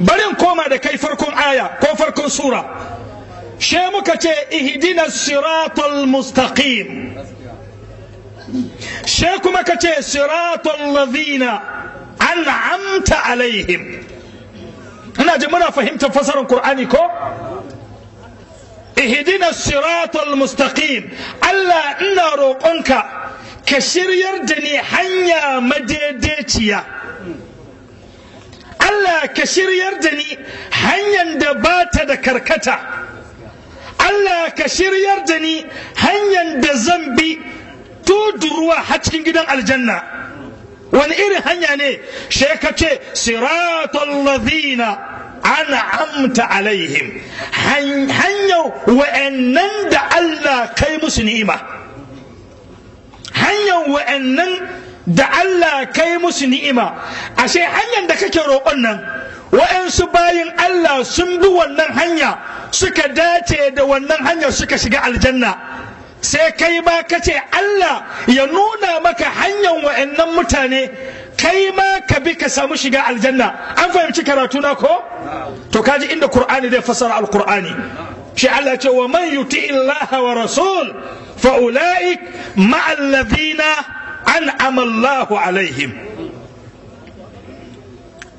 barin koma da kai farkon aya ko farkon sura she muka ce ihdina siratal mustaqim she kuma ka ce siratal ladina an'amta alaihim ina ji muna fahimtar fasarar kur'ani ko Ihidina siratal mustaqim Allah ina roƙonka ka shiryar da ni hanya madaidaiciya Allah ka shiryar da ni hanyar da ba ta da karkata Allah ka shiryar da ni hanyar da zan bi tudurwa har cikin gidan aljanna wani irin hanya ne shekace siratal ladhina an'amta alaihim hanyar wa'annan da Allah kai musu ni'ima hanyar wa'annan da Allah kai musu ni'ima ashe hanyar da kake roƙon nan wa'ansu bayin Allah sun bi wannan hanya suka dace da wannan hanyar suka shiga aljanna sai kai ba ka ce Allah ya nuna maka hanyar wa'annan mutane kai ma ka bi ka samu shiga aljanna an fahimci karatu na ko to kaji inda qur'ani zai fasara alqur'ani shi Allah ce wa man yuti illaha wa rasul fa ulaik ma alladhina an'ama Allahu alaihim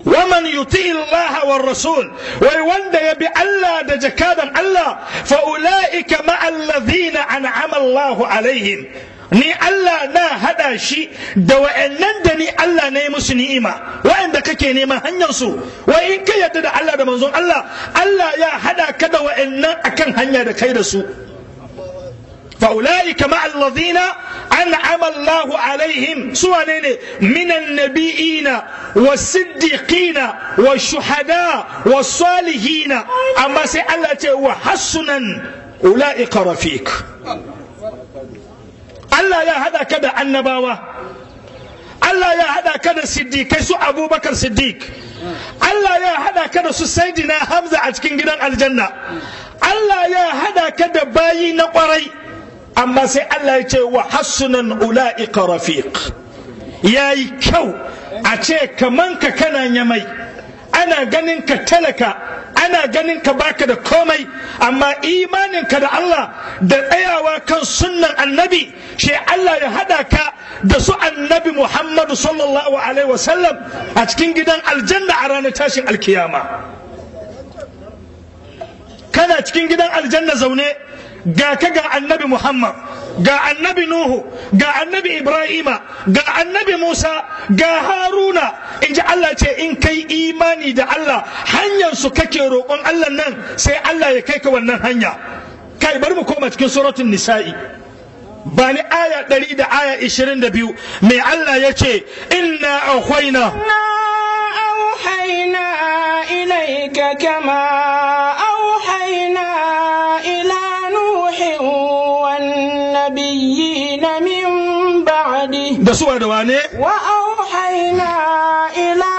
wa man yuti illaha wa rasul wai wanda ya bi Allah da jakadan Allah fa ulaika ma alaihim ni Allah na hada shi da wa'annan da ni Allah na yi musu ni'ima wa'anda kake neman hanyar su wai in ka yadda da Allah da manzon Allah Allah ya hada ka da wa'annan akan hanya da kai da su فأولئك مع الذين أنعم الله عليهم سوانين من النبيين والصديقين والشهداء والصالحين أما سألت وحسنا أولئك رفيق Allah ya haɗa ka da annabawa Allah ya haɗa ka da siddiƙai su abubakar siddiq Allah ya haɗa ka da su saidina hamza a cikin gidan aljanna Allah ya haɗa ka da bayi na kwarai amma sai Allah ya ce wa hassunan ula'ika rafiq yayi kyau a ce kaman ka kana yamai ana ganin ka talaka ana ganin ka baka da komai amma imaninka da Allah da tsayawa kan sunnan annabi shi Allah ya hada ka da su annabi Muhammadu sallallahu alaihi wasallam a cikin gidan aljanna a ranar tashin alkiyama kana cikin gidan aljanna zaune ga ka ga annabi Muhammad ga annabi nuhu ga annabi ibrahima ga annabi musa ga haruna in ji allah ce in kai imani da allah hanyar su kake roƙon allah nan sai allah ya kai ka wannan hanya kai bari mu koma cikin suratun nisa'i ba ni aya 100 da aya biyu, mai allah ya ce inna na. أوحينا إليك كما أوحينا إلى نوح والنبيين من بعده وأوحينا إلى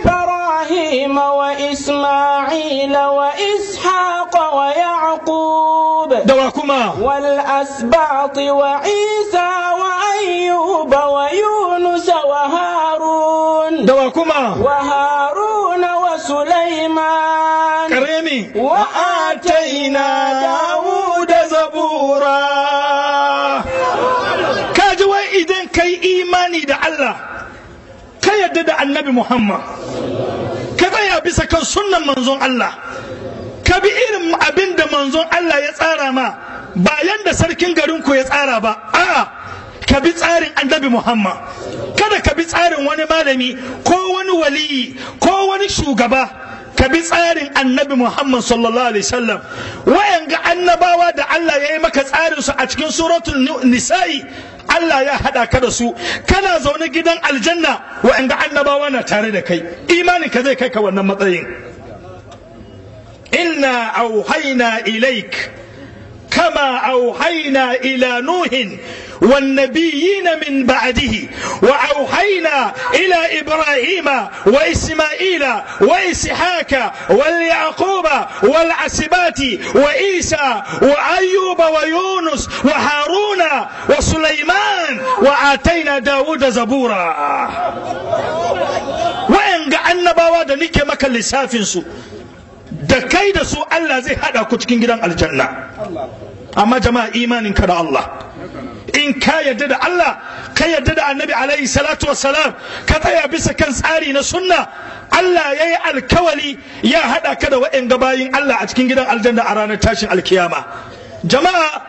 إبراهيم إبراهيم وإسماعيل وإسحاق ويعقوب دواكما والأسباط وعيسى وأيوب ويونس وهارون دواكما وهارون وسليمان كريمي وآتينا داود زبورا كاجوا إذن كي إيماني دا الله yadda da annabi muhammad ka tsaya bisa kan sunnan manzon allah ka bi irin abin da manzon allah ya tsara ma ba yanda sarkin garinku ya tsara ba a'a ka bi tsarin annabi muhammad kada ka bi tsarin wani malami ko wani waliyi ko wani shugaba ka bi tsarin annabi Muhammad sallallahu alaihi wasallam wayan ga annabawa da Allah ya yi maka tsarin su a cikin suratul nisa'i Allah ya haɗa ka da su kana zaune gidan aljanna wa'anda annabawa na tare da kai imanin ka zai kai ka wannan matsayin inna auhaina ilaik kama auhaina ila nuhin والنبيين من بعده وأوحينا إلى إبراهيم وإسماعيل وإسحاق واليعقوب والعسبات وإيسى وأيوب ويونس وهارون وسليمان وآتينا داود زبورا وإن annabawa بواد nike maka lissafinsu da kai da su Allah zai hada ku cikin gidan aljanna amma jama'a imaninka in ka yadda da Allah ka yadda da annabi alaihi salatu wassalam ka tsaya bisa kan tsari na sunna Allah ya yi alkawali ya haɗa ka da wa'in bayin Allah a cikin gidan aljanna a ranar tashin alkiyama jama'a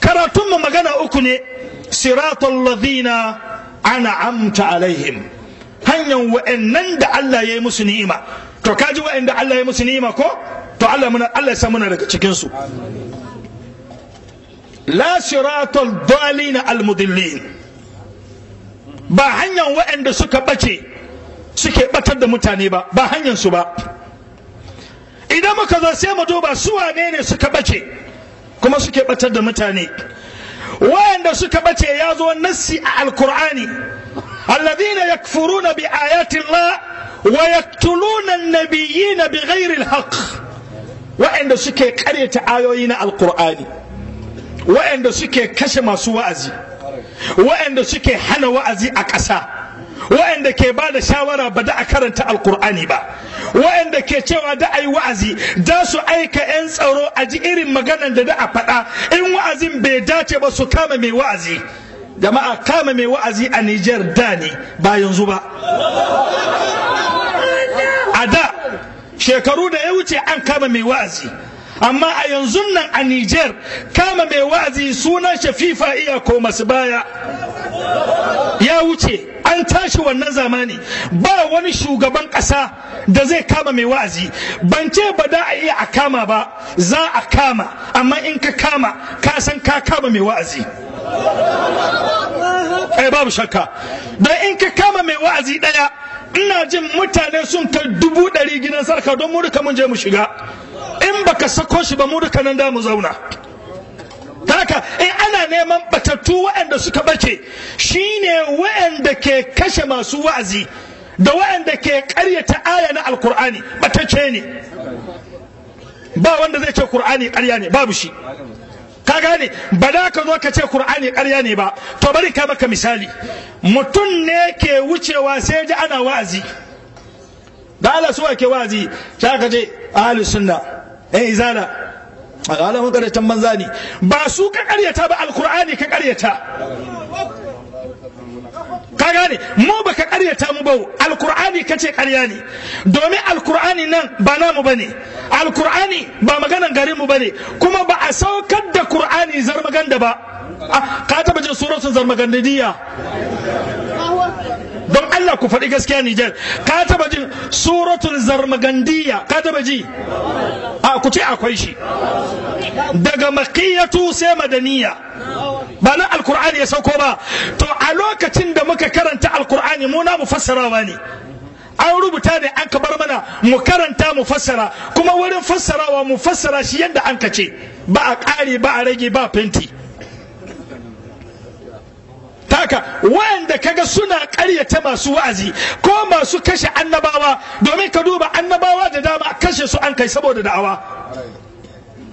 karatunmu magana uku ne siratul ladina ana amta alaihim hanyar wa'annan da Allah ya yi musu ni'ima to kaji wa'anda Allah ya yi musu ni'ima ko to Allah ya sa muna daga cikinsu. su la siratal dalina almudillin ba hanyar waɗanda suka ɓace suke ɓatar da mutane ba ba hanyar su ba idan muka zo sai mu duba su wane ne suka ɓace kuma suke ɓatar da mutane waɗanda suka ɓace ya zo nassi a alkur'ani alladhina yakfuruna bi ayati llah wa yaqtuluna an-nabiyyina bighairi al waɗanda suke ƙaryata ayoyi na alkur'ani Wa'anda suke kashe masu wa'azi wa'anda suke hana wa'azi a ƙasa wa'anda ke ba da shawara ba da a karanta alkur'ani ba wa'anda ke cewa da a yi wa'azi da su aika 'yan tsaro a ji irin maganan da da a faɗa in wa'azin bai dace ba su kama mai wa'azi jama'a kama mai wa'azi a Nijar da ne ba yanzu ba a da shekaru da ya wuce an kama mai wa'azi amma a yanzu nan a Nijar kama mai wa'azi sunan shafifa iya ko masu baya ya wuce an tashi wannan zamani ba wani shugaban ƙasa da zai kama mai wa'azi ban ce ba da a iya a kama ba za a kama amma in ka kama ka san ka kama mai wa'azi eh babu shakka da in ka kama mai wa'azi daya ina jin mutane sun kai dubu ɗari gidan sarka don mu duka mun je mu shiga in baka sako shi ba mu duka nan da mu zauna haka in ana neman batattu wa'anda suka bace shine wa'anda ke kashe masu wa'azi da wa'anda ke ƙaryata aya na alkur'ani batacce ne ba wanda zai ce kur'ani ƙarya ne babu shi ka gane ba da ka zo ka ce qur'ani ƙarya ne ba to bari ka baka misali mutum ne ke wucewa sai ji ana wa'azi da Allah su ke wa'azi ta ka je ahli sunna eh izala alamun karyatan banza ne ba su ka karyata ba alkur'ani ka karyata ka gane mu baka karyata mu bau alkur'ani kace karya ne domin alkur'ani nan ba namu bane alkur'ani ba maganan garin mu bane kuma ba a saukar da kur'ani zarmaganda ba ah, ka taba jin suratun zarmagandiyya don Allah ku faɗi gaskiya Nijar ka taba jin suratul zarmagandiya ka taba ji a ku ce akwai shi daga makiyatu sai madaniya ba na alkur'ani ya sauko ba to a lokacin da muka karanta alkur'ani mu na mu fassarawa ne an rubuta ne an kabar mana mu karanta mu fassara kuma wurin fassarawa mu fassara shi yadda an ka ce ba a ƙare ba a rage ba fenti haka wanda kaga suna karyata masu wa'azi ko masu kashe annabawa domin ka duba annabawa da dama kashe su an kai saboda da'awa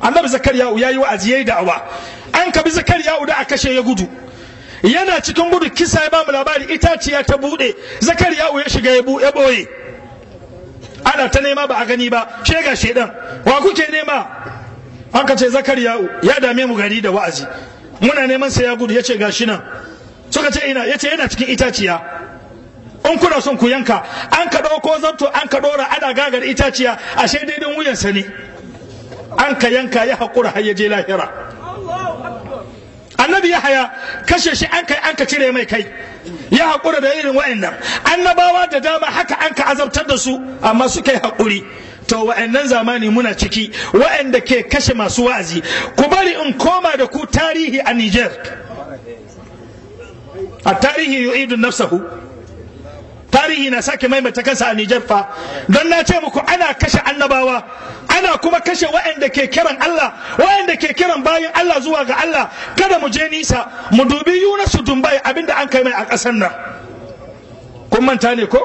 annabi zakariya ya yi wa'azi ya yi da'awa an kabi zakariya da a kashe ya gudu yana cikin gudu kisa ya bamu labari itaciya ta buɗe zakariya ya shiga ya ɓoye ana ta nema ba a gani ba shega shedan wa kuke nema an ka ce zakariya ya dame mu gari da wa'azi muna neman sai ya gudu ya ce gashi nan suka ce ina yace yana cikin itaciya in kuna son ku yanka an ka ɗauko zanto an ka ɗora ana gagar itaciya ashe daidai wuyansa ne an ka yanka ya haƙura har ya je lahira annabi ya haya kashe shi an kai an ka cire mai kai ya haƙura da irin wa'annan annabawa da dama haka an ka azabtar da su amma suka yi haƙuri to wa'annan zamani muna ciki wa'anda ke kashe masu wa'azi ku bari in koma da ku tarihi a Niger a tarihi yu'idu nafsahu tarihi na sake maimaita kansa a Nijar fa don na ce muku ana kashe annabawa ana kuma kashe waɗanda ke kiran Allah waɗanda ke kiran bayan Allah zuwa ga Allah kada mu je nisa mu dubi Yunusu Dumbai abinda an kai mai a ƙasar nan kun manta ne ko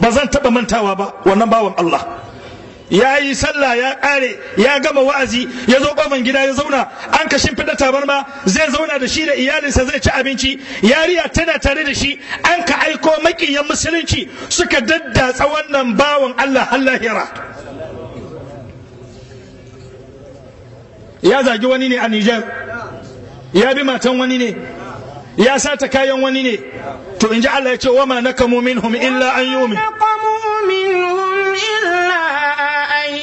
ba zan taɓa mantawa ba wannan bawan Allah ya yi sallah ya ƙare ya gama wa'azi ya zo kofan gida ya zauna an ka shimfiɗa tabarma zai zauna da shi da iyalinsa zai ci abinci yariya tana tare da shi an ka aiko maƙiyan musulunci suka daddatsa wannan bawan Allah hallahira ya zagi wani ne a Nijar ya bi matan wani ne ya sata kayan wani ne to in ji Allah ya ce wa ma nakamu minhum illa an yumi إلا أن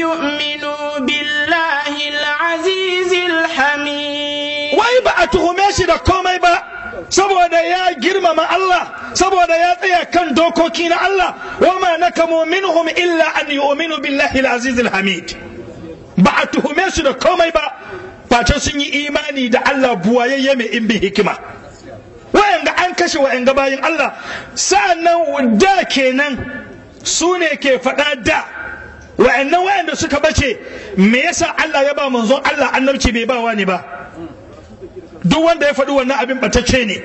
يؤمنوا بالله العزيز الحميد دا كومي با saboda ya girmama Allah saboda ya tsaya kan dokoki na Allah wama nakamu minhum illa an yu'minu billahi al-aziz al-hamid ba a tuhume su da komai ba face sun yi imani da Allah buwayayye mai in bi hikima wayanga an kashe wayanga bayin Allah sa'annan da kenan su ne ke faɗa da wa'annan wa'anda suka bace me yasa Allah ya ba manzon Allah annabci bai ba wani ba duk wanda ya faɗi wannan abin batacce ne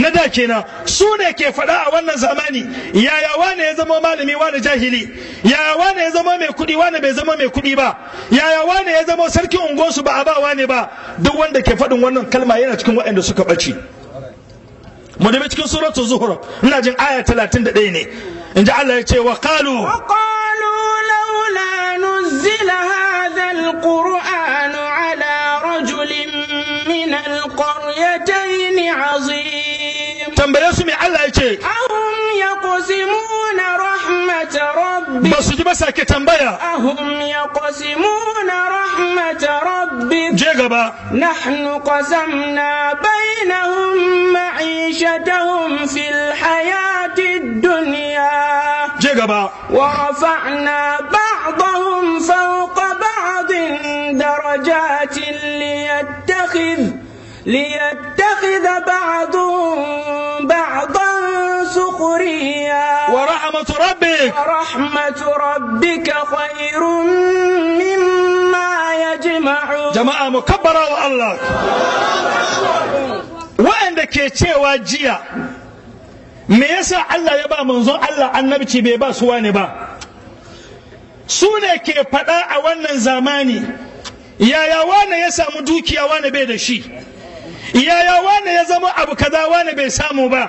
na da kenan su ne ke faɗa a wannan zamani yaya wane ya zama malami wane jahili yaya wane ya zama mai kuɗi wane bai zama mai kuɗi ba yaya wane ya zama sarkin su ba a ba wane ba duk wanda ke faɗin wannan kalma yana cikin wa'anda suka ɓace mu cikin suratul zuhur ina jin aya 31 ne وقالوا وقالوا لولا نزل هذا القرآن على رجل من القريتين عظيم أو أهم يقسمون رحمة ربك جيغبا نحن قسمنا بينهم معيشتهم في الحياة الدنيا جيغبا ورفعنا بعضهم فوق بعض درجات ليتخذ ليتخذ بعضهم بعضا قريا ورحمة ربك ورحمة ربك خير مما يجمعون جماعة مكبرة الله ke cewa jiya me yasa Allah ya ba manzon Allah annabci bai ba su wane ba su ne ke faɗa a wannan zamani yaya wane ya samu dukiya wane bai da shi yaya wane ya zama abu kaza wane bai samu ba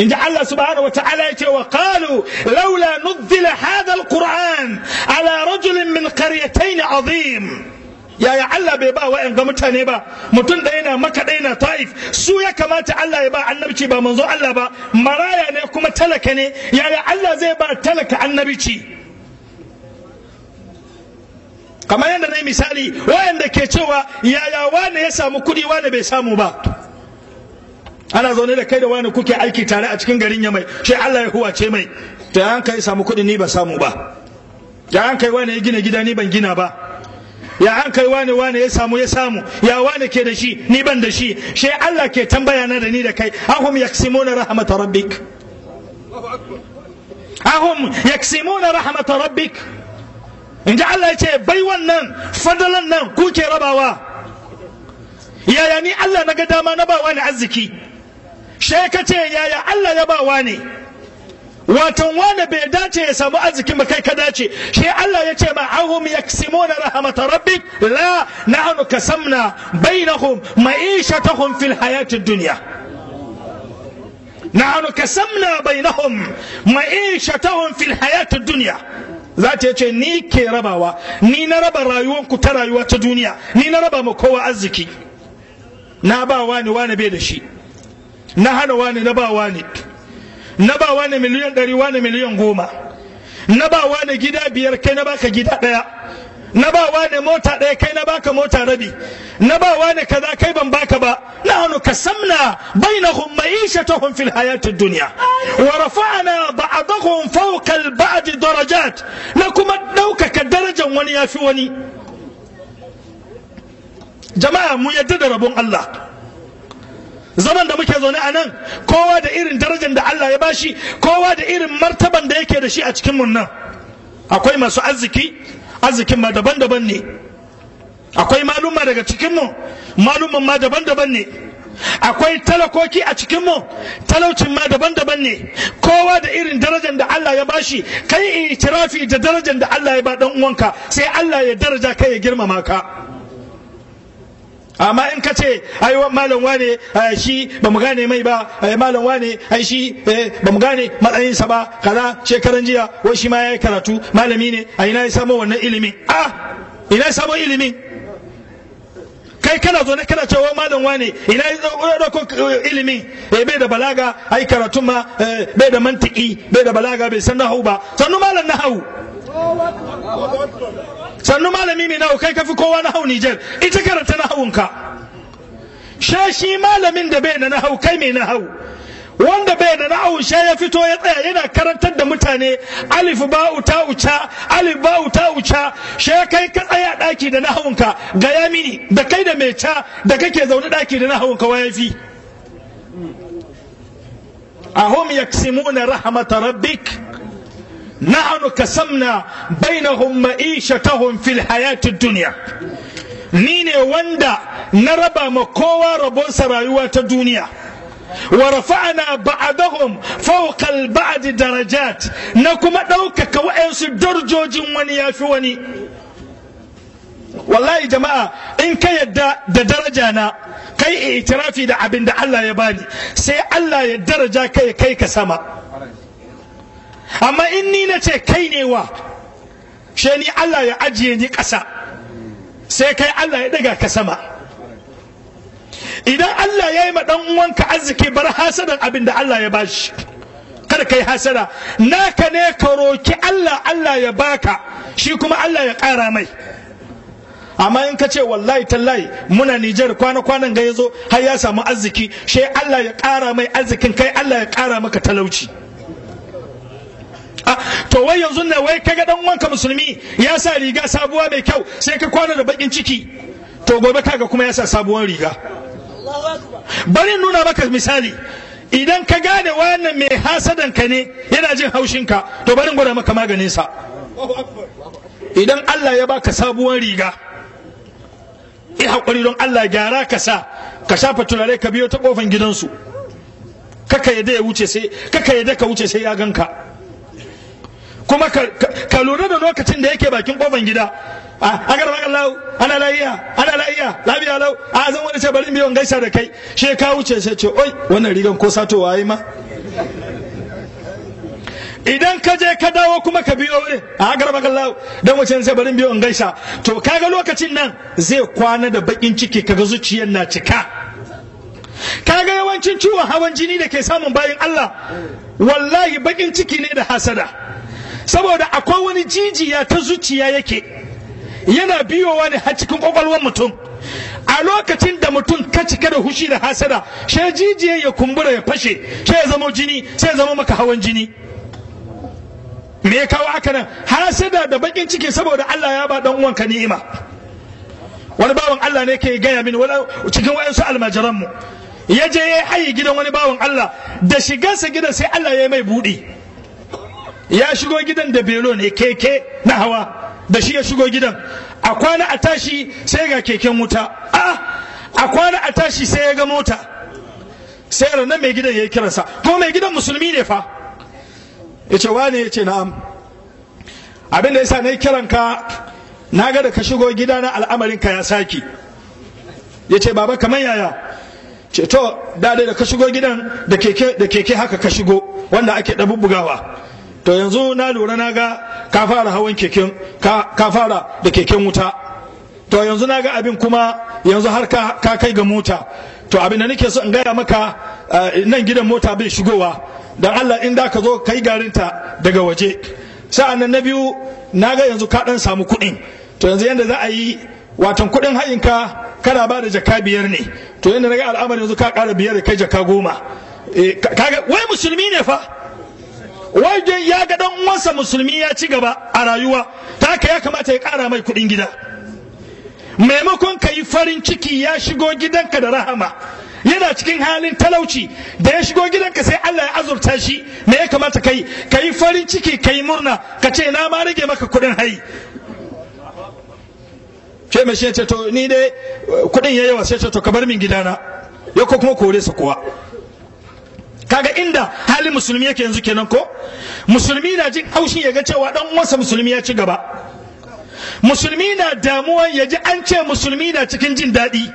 إن جعل الله سبحانه وتعالى وقالوا لولا نزل هذا القرآن على رجل من قريتين عظيم yaya Allah bai ba wa'yan ga mutane ba mutum da na maka ta'if su ya kamata Allah ya ba annabci ba manzo Allah ba maraya ne kuma talaka ne yaya Allah zai ba talaka annabci kamar yadda na yi misali wa'yanda ke cewa yaya wane ya samu kuɗi wane bai samu ba ana zaune da kai da wani kuke aiki tare a cikin garin yamai shi Allah ya huwace mai ta an kai samu kuɗi ni ba samu ba ya an kai wani ya gina gida ni ban gina ba ya an kai wani wani ya samu ya samu ya wani ke da shi ni ban da shi shi Allah ke tambaya na da ni da kai ahum yaksimuna rahmata rabbik ahum yaksimuna rahmata rabbik in ji Allah ya ce bai wannan fadalan nan kuke rabawa yaya ni Allah na ga dama na ba wani arziki sai ka ce yaya Allah ya ba wane watan wani bai dace ya samu arzikin ba kai ka dace shi Allah ya ce ma ahum yaksimuna rahmata rabbi la nahnu kasamna bainahum ma'ishatahum fil hayatid dunya nahnu kasamna bainahum ma'ishatahum fil hayatid dunya za ta ce ni ke rabawa ni na raba rayuwar ku ta rayuwa ta duniya ni na raba ma kowa arziki na ba wani wani bai da shi na hana wani na ba wani na ba wani miliyan ɗari wani miliyan goma na ba wani gida biyar kai na baka gida ɗaya na ba wani mota ɗaya kai na baka mota rabi na ba wani kaza kai ban baka ba na hannu ka samna ta ma'ishatahum fil hayati duniya wa rafa'na ba'dahum fawqa al-ba'd darajat na kuma ɗaukaka darajan wani yafi wani jama'a mu yadda da rabon Allah zaman da muke zaune a nan kowa da irin darajar da Allah ya bashi kowa da irin martaban da yake da shi a cikin mun nan akwai masu arziki arzikin ma daban-daban ne akwai maluma daga cikinmu maluman ma daban-daban ne akwai talakoki a cikinmu talaucin ma daban-daban ne kowa da irin darajar da Allah ya bashi kai itirafi da darajar da Allah ya ba dan uwanka sai Allah ya daraja kai ya girmama ka amma in ka ce ai malam wane shi ba mu gane mai ba ai malam wane ai shi ba mu gane matsayinsa ba kaza shekaran jiya wai shi ma yayi karatu malami ne ai na samu wannan ilimin ah ina samu ilimin kai kana zo ne kana cewa malam wane ina ya dauko eh, ilimin eh, bai da balaga ai karatu ma eh, bai da mantiki bai da balaga bai san nahau ba sannu malam hau." sannu malami mai nahu kai kafi kowa na hau Nijar ita karanta na Sha shashi malamin da bai da na hau kai mai na hau wanda bai da hau sha ya fito ya tsaya yana karantar da mutane alif ba'u ta uca alif ba'u ta uca sha kai ka tsaya daki da na'awunka ga ya mini da kai da mai ca da kake zaune daki da na'awunka wa yafi ahum yaksimuna rahmat rabbik nahnu kasamna bainahum ma'ishatahum fil hayati duniya. ni ne wanda na raba ma kowa rabonsa rayuwa ta duniya wa rafa'na ba'dahum fawqa al-ba'd darajat na kuma ɗaukaka wa'ansu darjojin wani yafi wani wallahi jama'a in ka yadda da daraja na kai itirafi da abinda Allah ya bani sai Allah ya daraja ya kai ka sama amma in ni na ce kai ne wa she ni Allah ya ajiye ni ƙasa sai kai Allah ya daga ka sama idan Allah ya yi ma ɗan uwanka arziki bar hasadan abin da Allah ya bashi kada kai hasada naka ne ka roki Allah Allah ya baka shi kuma Allah ya ƙara mai amma in ka ce wallahi tallahi muna Nijar kwana-kwanan ga ya zo har ya samu arziki shi Allah ya ƙara mai arzikin kai Allah ya ƙara maka talauci Ah, to wai yanzu na wai kaga dan wanka musulmi ya sa riga sabuwa mai kyau sai ka kwana da bakin ciki to gobe kaga kuma ya sa sabuwar riga bari nuna maka misali idan ka gane wannan mai hasadan ka ne yana jin haushin ka to bari gwada maka maganin sa idan Allah ya baka sabuwar riga i hakuri don Allah gyara ka sa ka shafa turare ka biyo ta kofan gidansu kaka yadda ya wuce sai kaka yadda ka wuce sai ya ganka kuma ka lura da lokacin da yake bakin kofan gida a garba Allah ana lafiya ana lafiya lafiya lau a zan wani ce bari biyon gaisa da kai she ka wuce sai ce oi wannan rigan ko sato waye ma idan ka je ka dawo kuma ka biyo ne eh, a garba Allah dan wuce sai bari biyon gaisa to kaga lokacin nan zai kwana da bakin ciki kaga zuciyar na cika kaga yawancin ciwon hawan jini da ke samun bayin Allah wallahi bakin ciki ne da hasada saboda akwai wani jijiya ta zuciya yake yana biyowa ne har cikin kwakwalwar mutum a lokacin da mutum ka cika da hushi da hasada sai jijiyar ya kumbura ya fashe sai ya zama jini sai ya zama maka hawan jini me ya kawo aka nan hasada da bakin ciki saboda Allah ya ba dan uwanka ni'ima wani bawan Allah ne ke gaya min wala cikin wayansu almajiran mu ya je ya hayi gidan wani bawan Allah da shigarsa gidan sai Allah ya mai buɗe ya shigo gidan da belo ne keke na hawa da shi ya shigo gidan a kwana a tashi sai ga keken wuta a kwana a tashi sai ya ga mota sai ranar mai gidan ya yi kiransa ko mai gidan musulmi ne fa ya ce wane ya ce na'am abin da yasa na yi kiranka na ga da ka shigo gida na al'amarin ka ya saki ya ce baba kamar yaya ce to da da ka shigo gidan da keke haka ka shigo wanda ake ɗabubbugawa to yanzu na lura na ga ka fara hawan keken ka fara da keken wuta to yanzu na ga abin kuma yanzu har ka kai ga mota to abin da nake so in gaya maka eh, nan gidan mota bai shigowa dan Allah in da ka zo kai garinta daga waje sa'an na biyu na ga yanzu ka dan samu kuɗin to yanzu yanda za a yi watan kuɗin ka kana ba da jaka biyar ne to yanda na ga al'amari yanzu ka kara biyar da kai jaka goma eh, kaga wai musulmi ne fa wajen ya ga dan uwansa musulmi ya ci gaba a rayuwa ta haka ya kamata ya kara mai kuɗin gida maimakon ka yi farin ciki ya shigo gidanka da rahama yana cikin halin talauci da ya shigo gidanka sai Allah ya azurta shi me ya kamata kai ka yi farin ciki ka yi murna ka ce na ma rage maka kuɗin hai ce mai shi ce to ni dai kuɗin ya yawa sai ce to ka bar min gidana ya ko kuma kore sa kuwa kaga inda halin musulmi yake yanzu kenan ko musulmi na jin haushin ya ga cewa dan uwansa musulmi ya ci gaba musulmi na damuwa ya an ce musulmi na cikin jin daɗi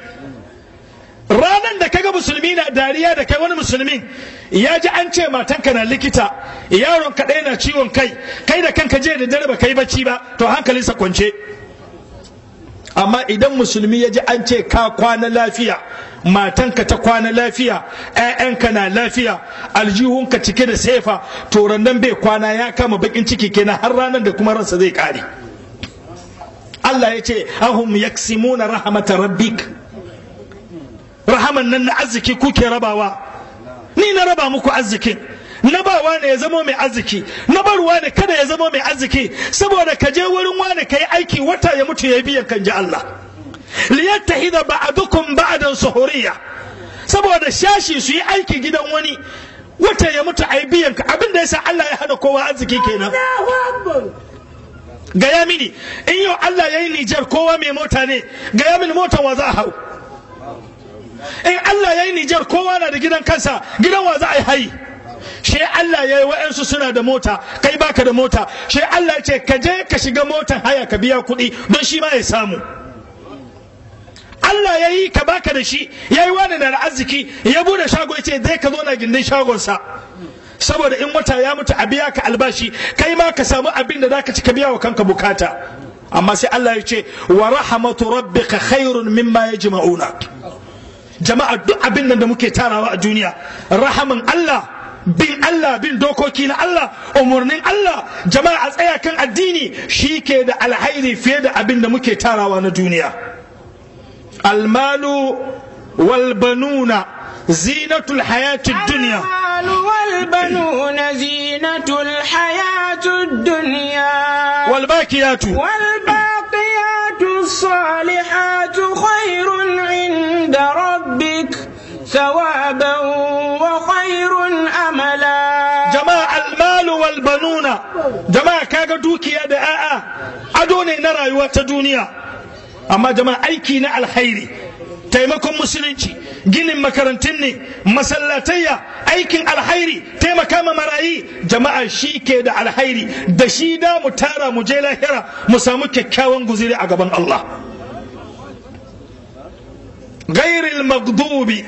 Ranan da kaga musulmi na dariya da kai wani musulmin ya ji an ce matanka na likita yaron ka ɗaya na ciwon kai kai da kanka je da dare ba kai bacci ba to hankalinsa kwance amma idan musulmi ya ji an ce ka kwana lafiya matanka ta kwana lafiya 'ya'yanka na lafiya aljihunka cike da sefa to rannan bai kwana ya kama bakin ciki kenan har ranar da kuma ransa zai kare Allah ya ce ahum yaksimuna rahmata rabbik rahaman nan na arziki kuke rabawa ni na raba muku arzikin na ba wane ya zama mai arziki na bar wane kada ya zama mai arziki saboda ka je wurin wane ka yi aiki wata ya mutu ya biyan kan ji Allah liyattahida ba'dukum ba'dan suhuriya saboda shashi su yi aiki gidan wani wata ya mutu a biyan ka abin da yasa Allah ya hada kowa arziki kenan gaya mini in yau Allah ya yi Nijar kowa mai mota ne gaya mini mota wa za a hau in Allah ya yi Nijar kowa na da gidan kansa gidan wa za a yi hayi shi Allah ya yi wa'yansu suna da mota kai baka da mota shi Allah ya ce ka je ka shiga motan haya ka biya kuɗi don shi ma ya samu Allah ya yi ka baka da shi ya yi wani da arziki ya bude shago ya ce zai ka zo na gindin shagonsa saboda in wata ya mutu a biya ka albashi kai ma ka samu abin da za ka ci ka biya wa kanka bukata amma sai Allah ya ce wa rahmatu rabbika khairun mimma yajma'una jama'a duk abin nan da muke tarawa a duniya rahaman Allah bin Allah bin dokoki na Allah umarnin Allah jama'a a tsaya kan addini shi ke da alhairi fiye da abin da muke tarawa na duniya المال والبنون زينة الحياة الدنيا المال والبنون زينة الحياة الدنيا والباقيات والباقيات الصالحات خير عند ربك ثوابا وخير أملا جماعة المال والبنون جماعة كاغا دوكي أدعاء أدوني نرى يوات دنيا amma jama'a aiki na alkhairi taimakon musulunci ginin makarantun ne masallatayya aikin alhairi taimaka ma marayi jama'a shi ke da alhairi da shi da mu tara mu je lahira mu samu kyakkyawan guziri a gaban Allah gairil magdubi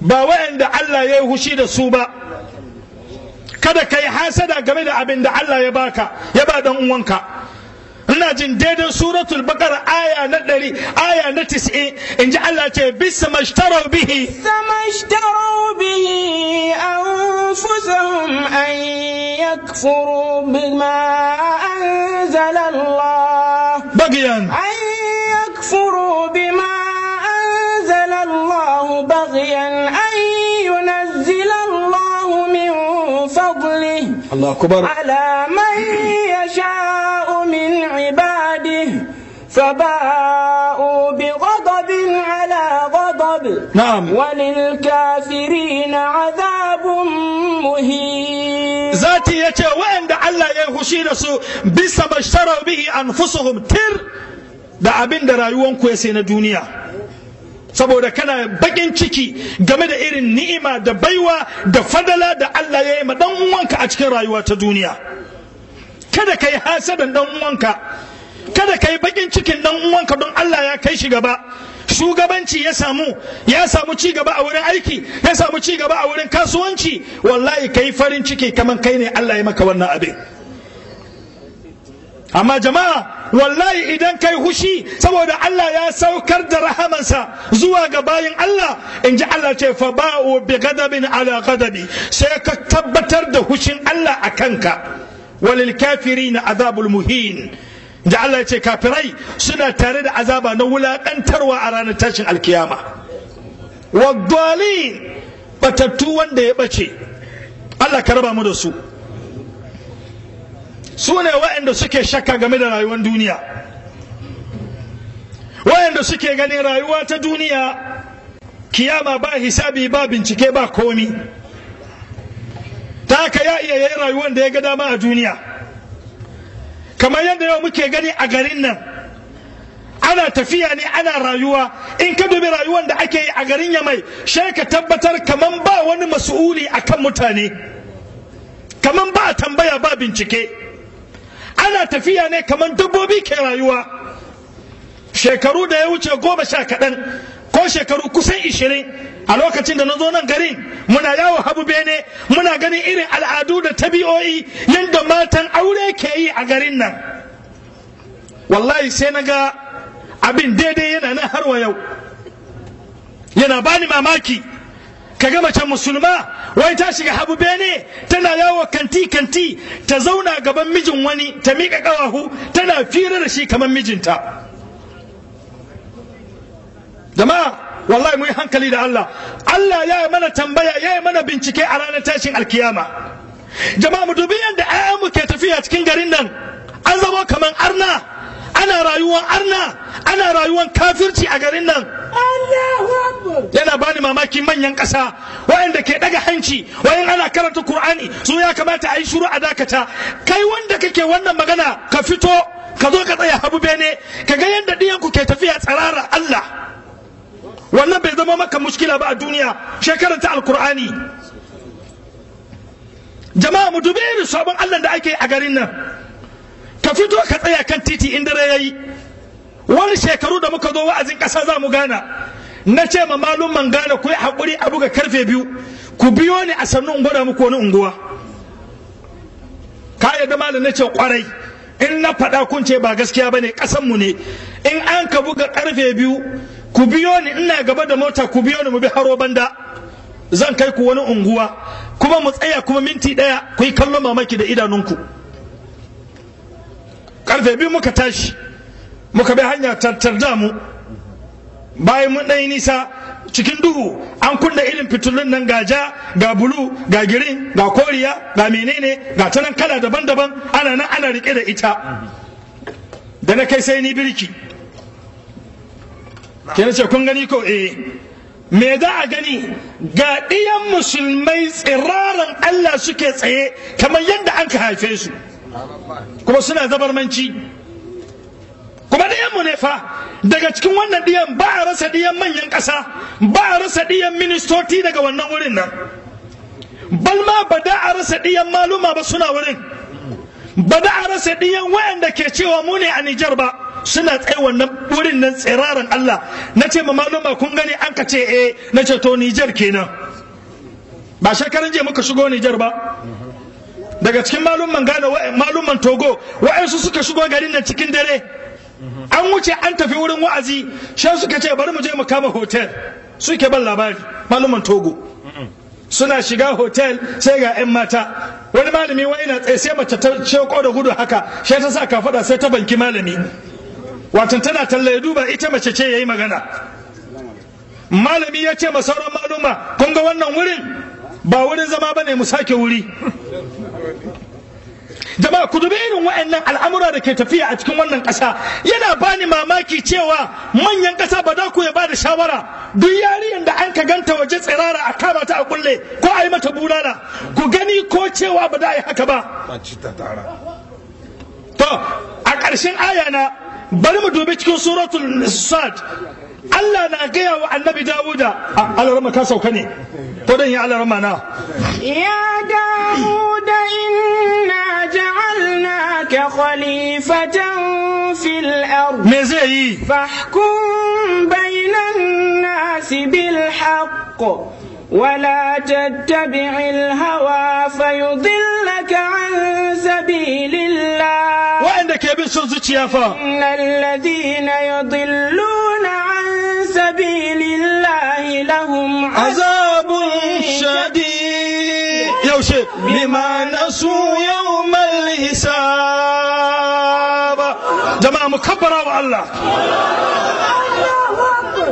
ba wa'anda Allah ya yi hushi da su ba kada ka yi hasada game da abin da Allah ya baka ya ba dan uwanka ina jin daidai suratul bakar aya na ɗari aya na tis'in in ji Allah ce bisa mashtarau bihi samashtarau bihi anfusahum an yakfuru bima anzala Allah bagiyan an yakfuru bima anzala Allah bagiyan an yunazzila Allah min fadlihi الله أكبر على من يشاء من عباده فباءوا بغضب على غضب نعم وللكافرين عذاب مهين ذاتي يتي وين الله يهشي رسو بسبب اشتروا به أنفسهم تر da abin da rayuwanku ya sai na duniya saboda kana bakin ciki game da irin ni'ima da baiwa da fadala da Allah ya yi ma dan uwanka a cikin rayuwa ta duniya kada kai hasadan dan uwanka kada kai bakin cikin dan uwanka don Allah ya kai shi gaba shugabanci ya samu ya samu ci gaba a wurin aiki ya samu ci gaba a wurin kasuwanci wallahi kai farin ciki kaman kai ne Allah ya maka wannan abin amma jama'a wallahi idan kai hushi saboda Allah ya saukar da rahamansa zuwa ga bayin Allah in ji Allah ce fa ba'u bi ghadabin ala ghadabi sai ka tabbatar da hushin Allah a kanka walil kafirin azabul muhin da Allah ce kafirai suna tare da azaba na wulakantarwa a ranar tashin alkiyama wa batattu wanda ya bace Allah ka raba mu da su su ne waɗanda suke shakka game da rayuwar duniya waɗanda suke ganin rayuwa ta duniya kiyama ba hisabi ba bincike ba komi ta haka ya iya yayin rayuwar da ya ga dama a duniya kamar yadda yau muke gani a garin nan ana tafiya ne ana rayuwa in ka dubi rayuwar da ake yi a garin yamai sai ka tabbatar kamar ba wani mas'uli kan mutane kamar ba tambaya ba bincike ana tafiya ne kamar dabbobi ke rayuwa shekaru da ya wuce goma sha kaɗan ko shekaru kusan ishirin a lokacin da na zo nan garin muna yawo habu bene muna ganin irin al'adu da tabi'o'i yadda matan aure ke yi a garin nan wallahi sai na ga abin daidai yana nan har wa yau yana bani mamaki ka ga mace musulma wai ta shiga habu bene tana yawo kanti kanti ta zauna gaban mijin wani ta miƙa ƙawahu tana fira da shi kamar mijinta jama'a wallahi mu yi hankali da Allah Allah ya yi mana tambaya ya yi mana bincike a ranar tashin alkiyama jama'a mu dubi yadda mu ke tafiya cikin garin nan an zama kamar arna ana rayuwar arna ana rayuwar kafirci a garin nan yana bani mamaki manyan ƙasa wayanda ke daga hanci wayan ana karanta qur'ani su ya kamata a yi shuru a dakata kai wanda kake wannan magana ka fito ka zo ka tsaya habu bene ka ga yadda ɗiyanku ke tafiya tsarara Allah wannan bai zama maka muskila ba a duniya shekaranta alkur'ani jama'a mu dubi irin sabon Allah da ake a garin nan ka fito ka tsaya kan titi in dare yayi wani shekaru da muka zo wa'azin ƙasa za mu gana na ce ma malum man gane ku haƙuri a buga karfe biyu ku biyo ni a sannu in gwada muku wani unguwa ka da malam na ce ƙwarai in na faɗa kun ce ba gaskiya ba ne mu ne in an ka buga karfe biyu ku biyo ni ina gaba da mota ku biyo ni mu bi haro banda zan kai ku wani unguwa kuma mu tsaya kuma minti ɗaya ku yi kallon mamaki da idanunku karfe biyu muka tashi muka bi hanya tattar mu bayan mun ɗan nisa cikin duhu an kunna irin fitulun nan ga ja ga bulu ga girin ga koriya ga menene ga ta nan kala daban-daban ana nan ana riƙe da ita da na kai sai ni birki ke ce kun gani ko eh me za a gani ga ɗiyan musulmai tsiraran Allah suke tsaye kamar yadda an ka haife su kuma suna zabarmanci kuma mu ne fa daga cikin wannan ɗiyan ba a rasa ɗiyan manyan ƙasa ba a rasa ɗiyan ministoci daga wannan wurin nan balma ba da a rasa ɗiyan maluma ba suna wurin ba da a rasa ɗiyan wayanda ke cewa mu a Nijar ba suna tsaye wannan wurin nan tsiraran Allah na ce ma maluma kun gani an ka ce eh na ce to Nijar kenan ba shekaran je muka shigo Nijar ba daga cikin malumman gano malumman togo wa'ansu suka shigo garin nan cikin dare an wuce an tafi wurin wa'azi shan suka ce bari mu je mu kama hotel suke ban labari malumman togo suna shiga hotel sai ga 'yan mata wani malami wa ina tsaye sai mace ta ko da gudu haka shi ta sa kafada sai ta banki malami watan tana talla ya duba ita mace ce yayi magana malami ya ce ma sauran maluma kun ga wannan wurin ba wurin zama bane mu sake wuri jama'a ku dubi irin wa'annan al'amura da ke tafiya a cikin wannan ƙasa yana bani mamaki cewa manyan ƙasa ba za ku ya ba da shawara duk yariyan da an ka ganta waje tsirara a kama ta a kulle ko a yi mata bulala ku gani ko cewa ba za a yi haka ba to a ƙarshen aya na bari mu dubi cikin suratul sad Allah na gaya wa annabi Dawuda alarama ka sauka ne to dan ya alarama na ya Dawuda inna ja'alnaka khalifatan fil ard me zai yi fahkum bainan nasi bil haqq ولا تتبع الهوى فيضلك عن سبيل الله وعندك يا بنت إن الذين يضلون عن سبيل الله لهم عذاب شديد يوشك بما نسوا يوم الحساب جماعة مكبرة الله الله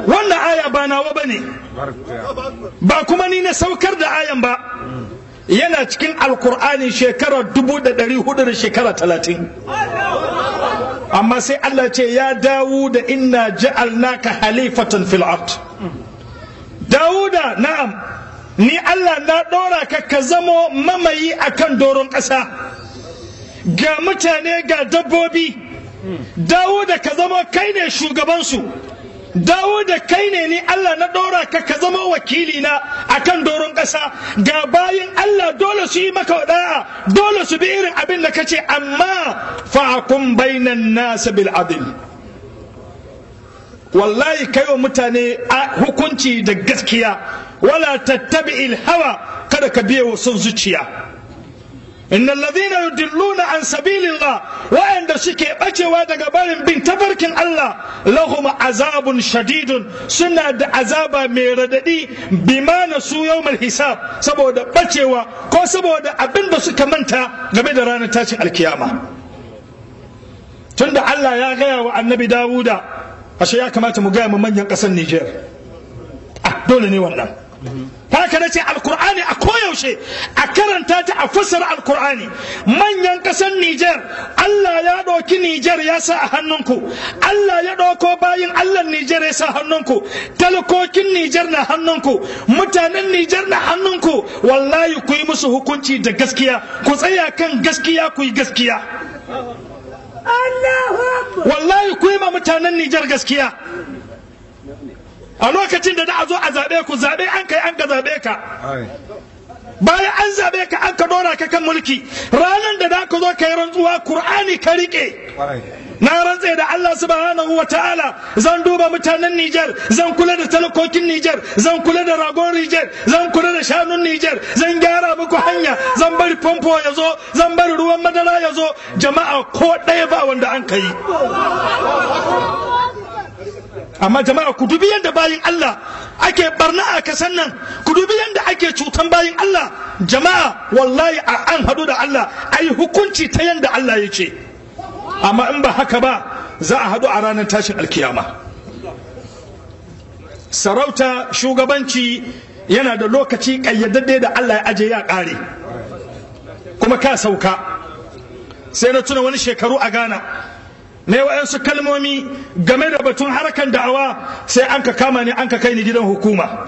wannan aya ba nawa bane ba kuma ni na saukar da ayan ba yana cikin alkur'ani shekara dubu da ɗari hudu da shekara talatin amma sai Allah ce ya dawo da inna ja'alnaka halifatan fil ard dawuda na'am ni Allah na ɗora ka ka zamo mamayi akan doron ƙasa ga mutane ga dabbobi dawo da ka zamo kai ne shugabansu dawo da kai ne ni Allah na dora ka ka zama wakili na akan doron ƙasa ga bayan Allah dole su yi maka da'a dole su bi irin abin da kace amma fa'akum bainan nas bil adl wallahi kaiwa mutane hukunci da gaskiya wala tattabi'il hawa kada ka biye wa son zuciya inna alladhina yudilluna an sabilillah wa'anda suke bacewa daga barin bin tafarkin Allah lahum azabun shadidun suna da azaba mai radadi bima ya yawmal hisab saboda bacewa ko saboda abin da suka manta game da ranar tashin alkiyama tunda Allah ya gaya wa annabi Dawuda ashe ya kamata mu gaya mu manyan ƙasar Niger ah dole ne wannan haka nace alkur'ani a koyaushe a karanta ta a fasar alkur'ani manyan ƙasar Nijar Allah ya ɗauki Nijar ya sa a hannunku Allah ya ɗauko bayin Allah Nijar ya sa hannunku talakokin Nijar na hannunku mutanen Nijar na hannunku wallahi ku yi musu hukunci da gaskiya ku tsaya kan gaskiya ku yi gaskiya wallahi ku yi ma mutanen Nijar gaskiya a lokacin da da zo a zaɓe ku zaɓe an kai an ka zaɓe ka bayan an zaɓe ka an ka dora ka kan mulki ranar da da ka zo ka yi rantsuwa Kur'ani ka riƙe na rantse da Allah subhanahu wa ta'ala zan duba mutanen Nijar zan kula da talakokin Nijar zan kula da ragon Nijar zan kula da shanun Nijar zan gyara muku hanya zan bari famfo ya zo zan bari ruwan madara ya zo jama'a ko ɗaya ba wanda an ka amma jama'a ku dubi yadda bayin Allah ake barna a kasan nan ku dubi yadda ake cutan bayin Allah jama'a wallahi a an hadu da Allah ai hukunci ta yadda Allah ya ce amma in ba haka ba za a hadu a ranar tashin alkiyama sarauta shugabanci yana da lokaci kayyadadde da Allah ya aje ya kare kuma ka sauka sai na tuna wani shekaru a Ghana ne waɗansu kalmomi game da batun harkan da'awa sai an ka kama ni an ka kai ni gidan hukuma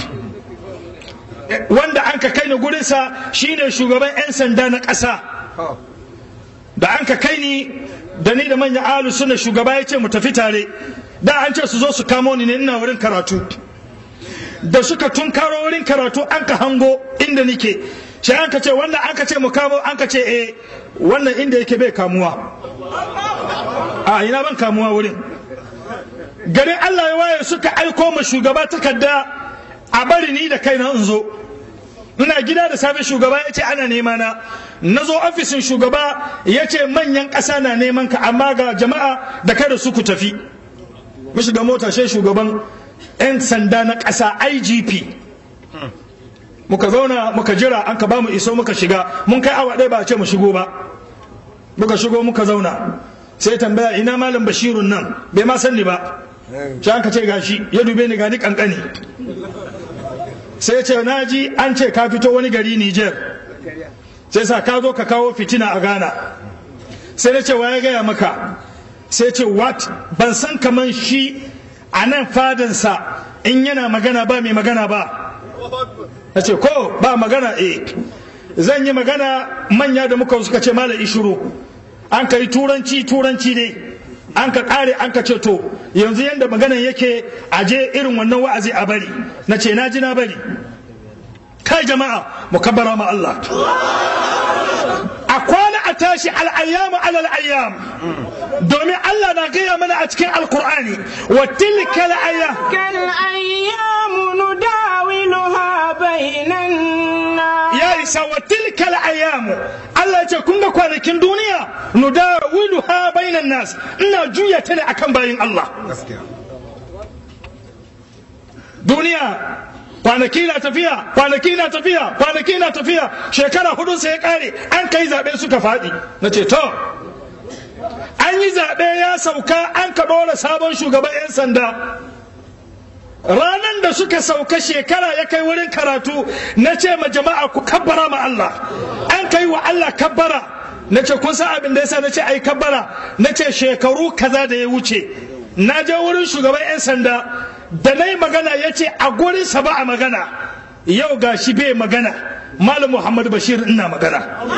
wanda an ka kai ni gurinsa shi ne shugaban 'yan sanda na ƙasa da an ka kai ni da ni da manyan alu suna shugaba ya ce mu tafi tare da an ce su zo su kamo ni ne ina wurin karatu da suka tun karo wurin karatu an ka hango inda nike shi an ka ce wanda an ka ce mu kamo an ka ce eh wannan inda yake bai kamuwa a ina ban kamuwa wurin garin Allah ya waye suka aiko ma shugaba takarda a bari ni da kaina in zo ina gida da safe shugaba yace ana nema na nazo zo ofisin shugaba yace manyan ƙasa na neman ka amma ga jama'a da kada su ku tafi mu shiga mota shi shugaban 'yan sanda na ƙasa igp muka zauna muka jira an ka ba mu iso muka shiga mun kai awa ɗaya ba a ce mu shigo ba muka shigo muka zauna sai tambaya ina malam bashirun nan bai ma sanni ba shi an ka ce gashi ya dube ni gani kankani sai ce na ji an ce ka fito wani gari niger sai sa ka zo ka kawo fitina a ghana sai na ce wa ya gaya maka sai ce what ban san kaman shi a nan fadansa in yana magana ba mai magana ba na ce ko ba magana eh zan yi magana manya da muka suka ce mala ishuru an ka yi turanci turanci ne an ka kare an ka ce to yanzu yadda maganan yake aje irin wannan wa'azi a bari na ce na ji na bari kai jama'a mu ma Allah a kwana a tashi al'ayyamu alal domin Allah na gaya mana a cikin alkur'ani wa tilka kal ya isa wa tilkal ayyamu Allah ce kun ga kwanakin duniya nudawilu ha bainan nas ina juya ta ne akan bayin Allah duniya kwanaki na tafiya kwanaki na tafiya kwanaki na tafiya shekara hudu sai ya kare an kai zaɓe suka faɗi na ce to an yi zaɓe ya sauka an ka ɗora sabon shugaban 'yan sanda ranan da suka sauka shekara ya kai wurin karatu na ce ma jama'a ku kabbara ma Allah an kai wa Allah kabbara na ce kun san abin da yasa na ce ai kabbara na ce shekaru kaza da ya wuce na je wurin shugaban 'yan sanda da na yi magana ya ce a gurinsa ba a magana yau ga shi bai magana malam muhammad bashir ina magana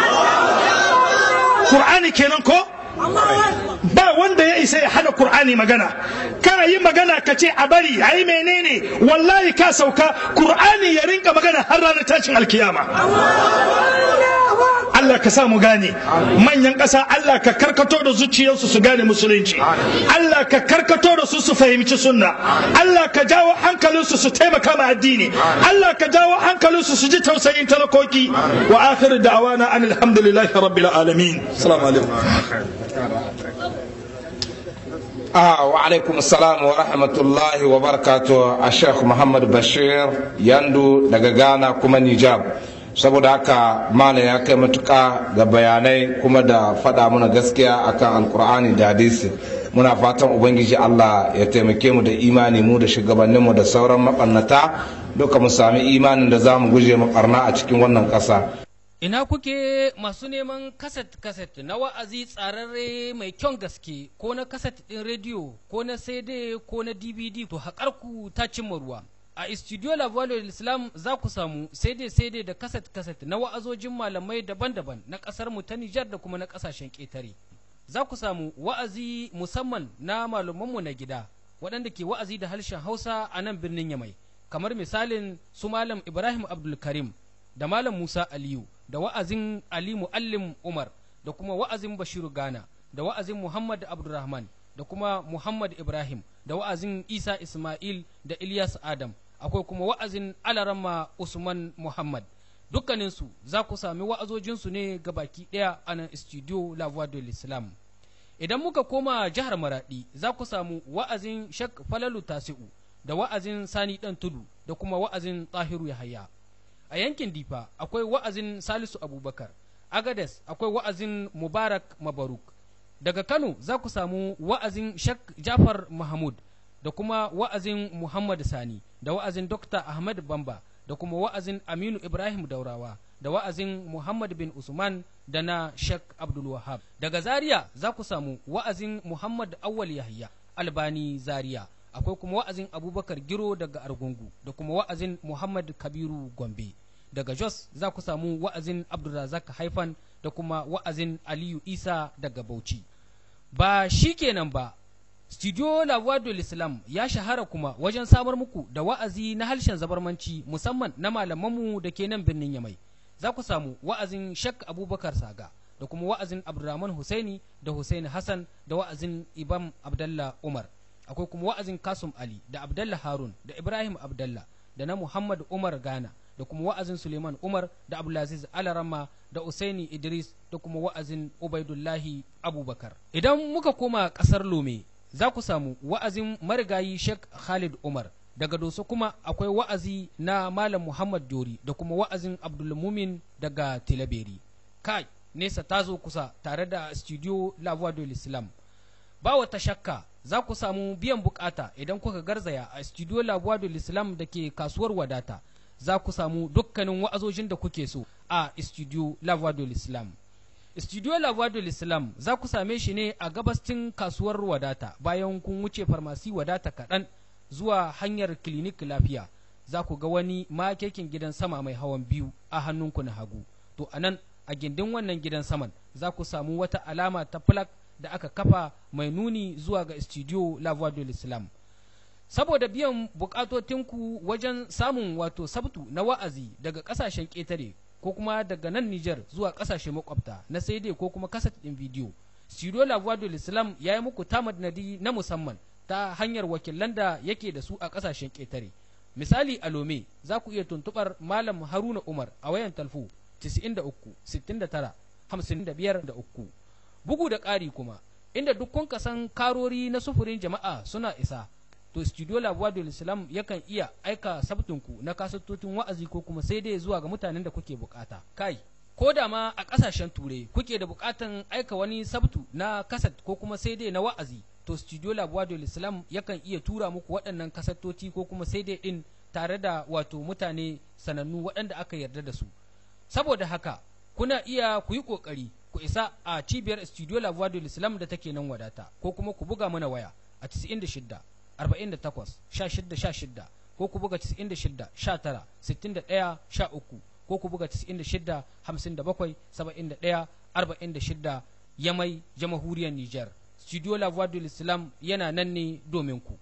Qur'ani kenan ko ba wanda ya isa ya hana Kur'ani magana kana yi magana ka ce a bari a yi menene wallahi ka sauka ƙur'ani ya rinka magana har ranar tashin alkiyama Allah ka sa mu gane manyan ƙasa Allah ka karkato da zuciyarsu su gane musulunci Allah ka karkato da su su fahimci sunna Allah ka jawo hankalinsu su taimaka ma addini Allah ka jawo hankalinsu su ji tausayin talakoki wa akhiru da'wana an alhamdulillahi rabbil alamin assalamu alaikum وعليكم ah, wa ورحمة الله وبركاته الشيخ bashir yandu daga دقاقانا kuma نجاب saboda haka malam ya kai matuka ga bayanai kuma da faɗa mana gaskiya akan alkur'ani da hadisi muna fatan ubangiji allah ya taimake mu da imani mu da shugabanninmu da sauran maɓannata duka mu sami imanin da za mu guje mu a cikin wannan ƙasa ina kuke masu neman kaset kaset na wa'azi tsararre mai kyan gaske ko na kaset ɗin rediyo ko na cd ko na dvd to ku ta cimma ruwa a studio la voix islam za ku samu sai dai sai dai da kaset kaset na wa'azojin malamai daban-daban na kasar mu ta Nijar da kuma na kasashen ƙetare za ku samu wa'azi musamman na malamanmu na gida waɗanda ke wa'azi da harshen Hausa a nan birnin Yamai kamar misalin su malam Ibrahim Abdul Karim da malam Musa Aliyu da wa'azin Ali Muallim Umar da kuma wa'azin Bashiru Gana da wa'azin Muhammad Abdulrahman da kuma Muhammad Ibrahim da wa'azin Isa Ismail da Ilyas Adam akwai kuma wa'azin Alarama Usman Muhammad dukkaninsu za ku sami wa'azojinsu ne ga baki ɗaya a nan studio La Voix de l'Islam idan muka koma jihar Maradi za ku samu wa'azin Shak Falalu Tasi'u da wa'azin Sani Dan Tudu da kuma wa'azin Tahiru Yahaya a yankin Difa akwai wa'azin Salisu Abubakar Agades akwai wa'azin Mubarak Mabaruk daga Kano za ku samu wa'azin Sheikh Jafar Mahmud da kuma wa'azin Muhammad Sani da wa'azin Dr. Ahmad Bamba da kuma wa'azin Aminu Ibrahim Daurawa da wa'azin Muhammad bin Usman da na Sheikh Abdul Wahab. Daga Zaria za ku samu wa'azin Muhammad Awwal Yahya Albani Zaria. Akwai kuma wa'azin Abubakar Giro daga Argungu da kuma wa'azin Muhammad Kabiru Gombe. Daga Jos za ku samu wa'azin Abdulrazak Haifan da kuma wa'azin Aliyu Isa daga Bauchi. ba shi kenan ba studio la voix islam ya shahara kuma wajen samar muku da wa'azi na harshen zabarmanci musamman na malamanmu da ke nan birnin yamai za ku samu wa'azin shak abubakar saga da kuma wa'azin abdurrahman husaini da husaini hassan da wa'azin ibam abdallah umar akwai kuma wa'azin kasum ali da abdallah harun da ibrahim abdallah da na muhammad umar ghana da kuma wa'azin Suleiman Umar da Abdulaziz Alarama da Usaini Idris da kuma wa'azin Ubaidullahi Abubakar. Idan muka koma ƙasar Lome za ku samu wa'azin marigayi Sheikh Khalid Umar daga Doso kuma akwai wa'azi na Malam Muhammad Jori da kuma wa'azin Abdulmumin daga Tilaberi. Kai nesa ta zo kusa tare da studio La Islam. Ba wata shakka za ku samu biyan bukata idan kuka garzaya a studio La Islam da ke kasuwar wadata. za ku samu dukkanin wa'azojin da kuke so a studio lavado islam studio lavado islam za ku same shi ne a gabastin kasuwar wadata bayan kun wuce farmasi wadata kaɗan zuwa hanyar klinik lafiya za ku ga wani makekin gidan sama mai hawan biyu a hannunku na hagu to anan a gindin wannan gidan saman za ku samu wata alama ta plak da aka kafa mai nuni zuwa ga studio lavado islam saboda biyan bukatotinku wajen samun wato sabtu na wa'azi daga kasashen ƙetare ko kuma daga nan Nijar zuwa kasashe makwabta na sai dai ko kuma kasat ɗin bidiyo Studio La Voix l'Islam ya yi muku tamadnadi na musamman ta hanyar wakilan da yake da su a kasashen ƙetare misali a Lome za ku iya tuntuɓar Malam Haruna Umar a wayan talfo 93 uku 55 da uku bugu da ƙari kuma inda dukkan kasan karori na sufurin jama'a suna isa to studio la voix de l'islam yakan iya aika ku na kasattotin wa'azi ko kuma sai dai zuwa ga mutanen da kuke bukata kai ko da ma a kasashen ture kuke da bukatan aika wani sabtu na kasat ko kuma sai dai na wa'azi to studio la voix de l'islam yakan iya tura muku waɗannan kasattoti ko kuma sai dai din tare da wato mutane sanannu waɗanda aka yarda da su saboda haka kuna iya ku yi kokari ku isa a cibiyar studio la voix de l'islam da take nan wadata ko kuma ku buga mana waya a 96 arba'in da takwas sha shidda sha shidda ko ku buga casa'in da shidda sha tara sittin da ɗaya sha uku ko ku buga casa'in da shidda hamsin da bakwai saba'in da ɗaya arba'in da shidda ya mai jamahuriyar Nijar. studio la voix de l'islam yana nan ne domin ku.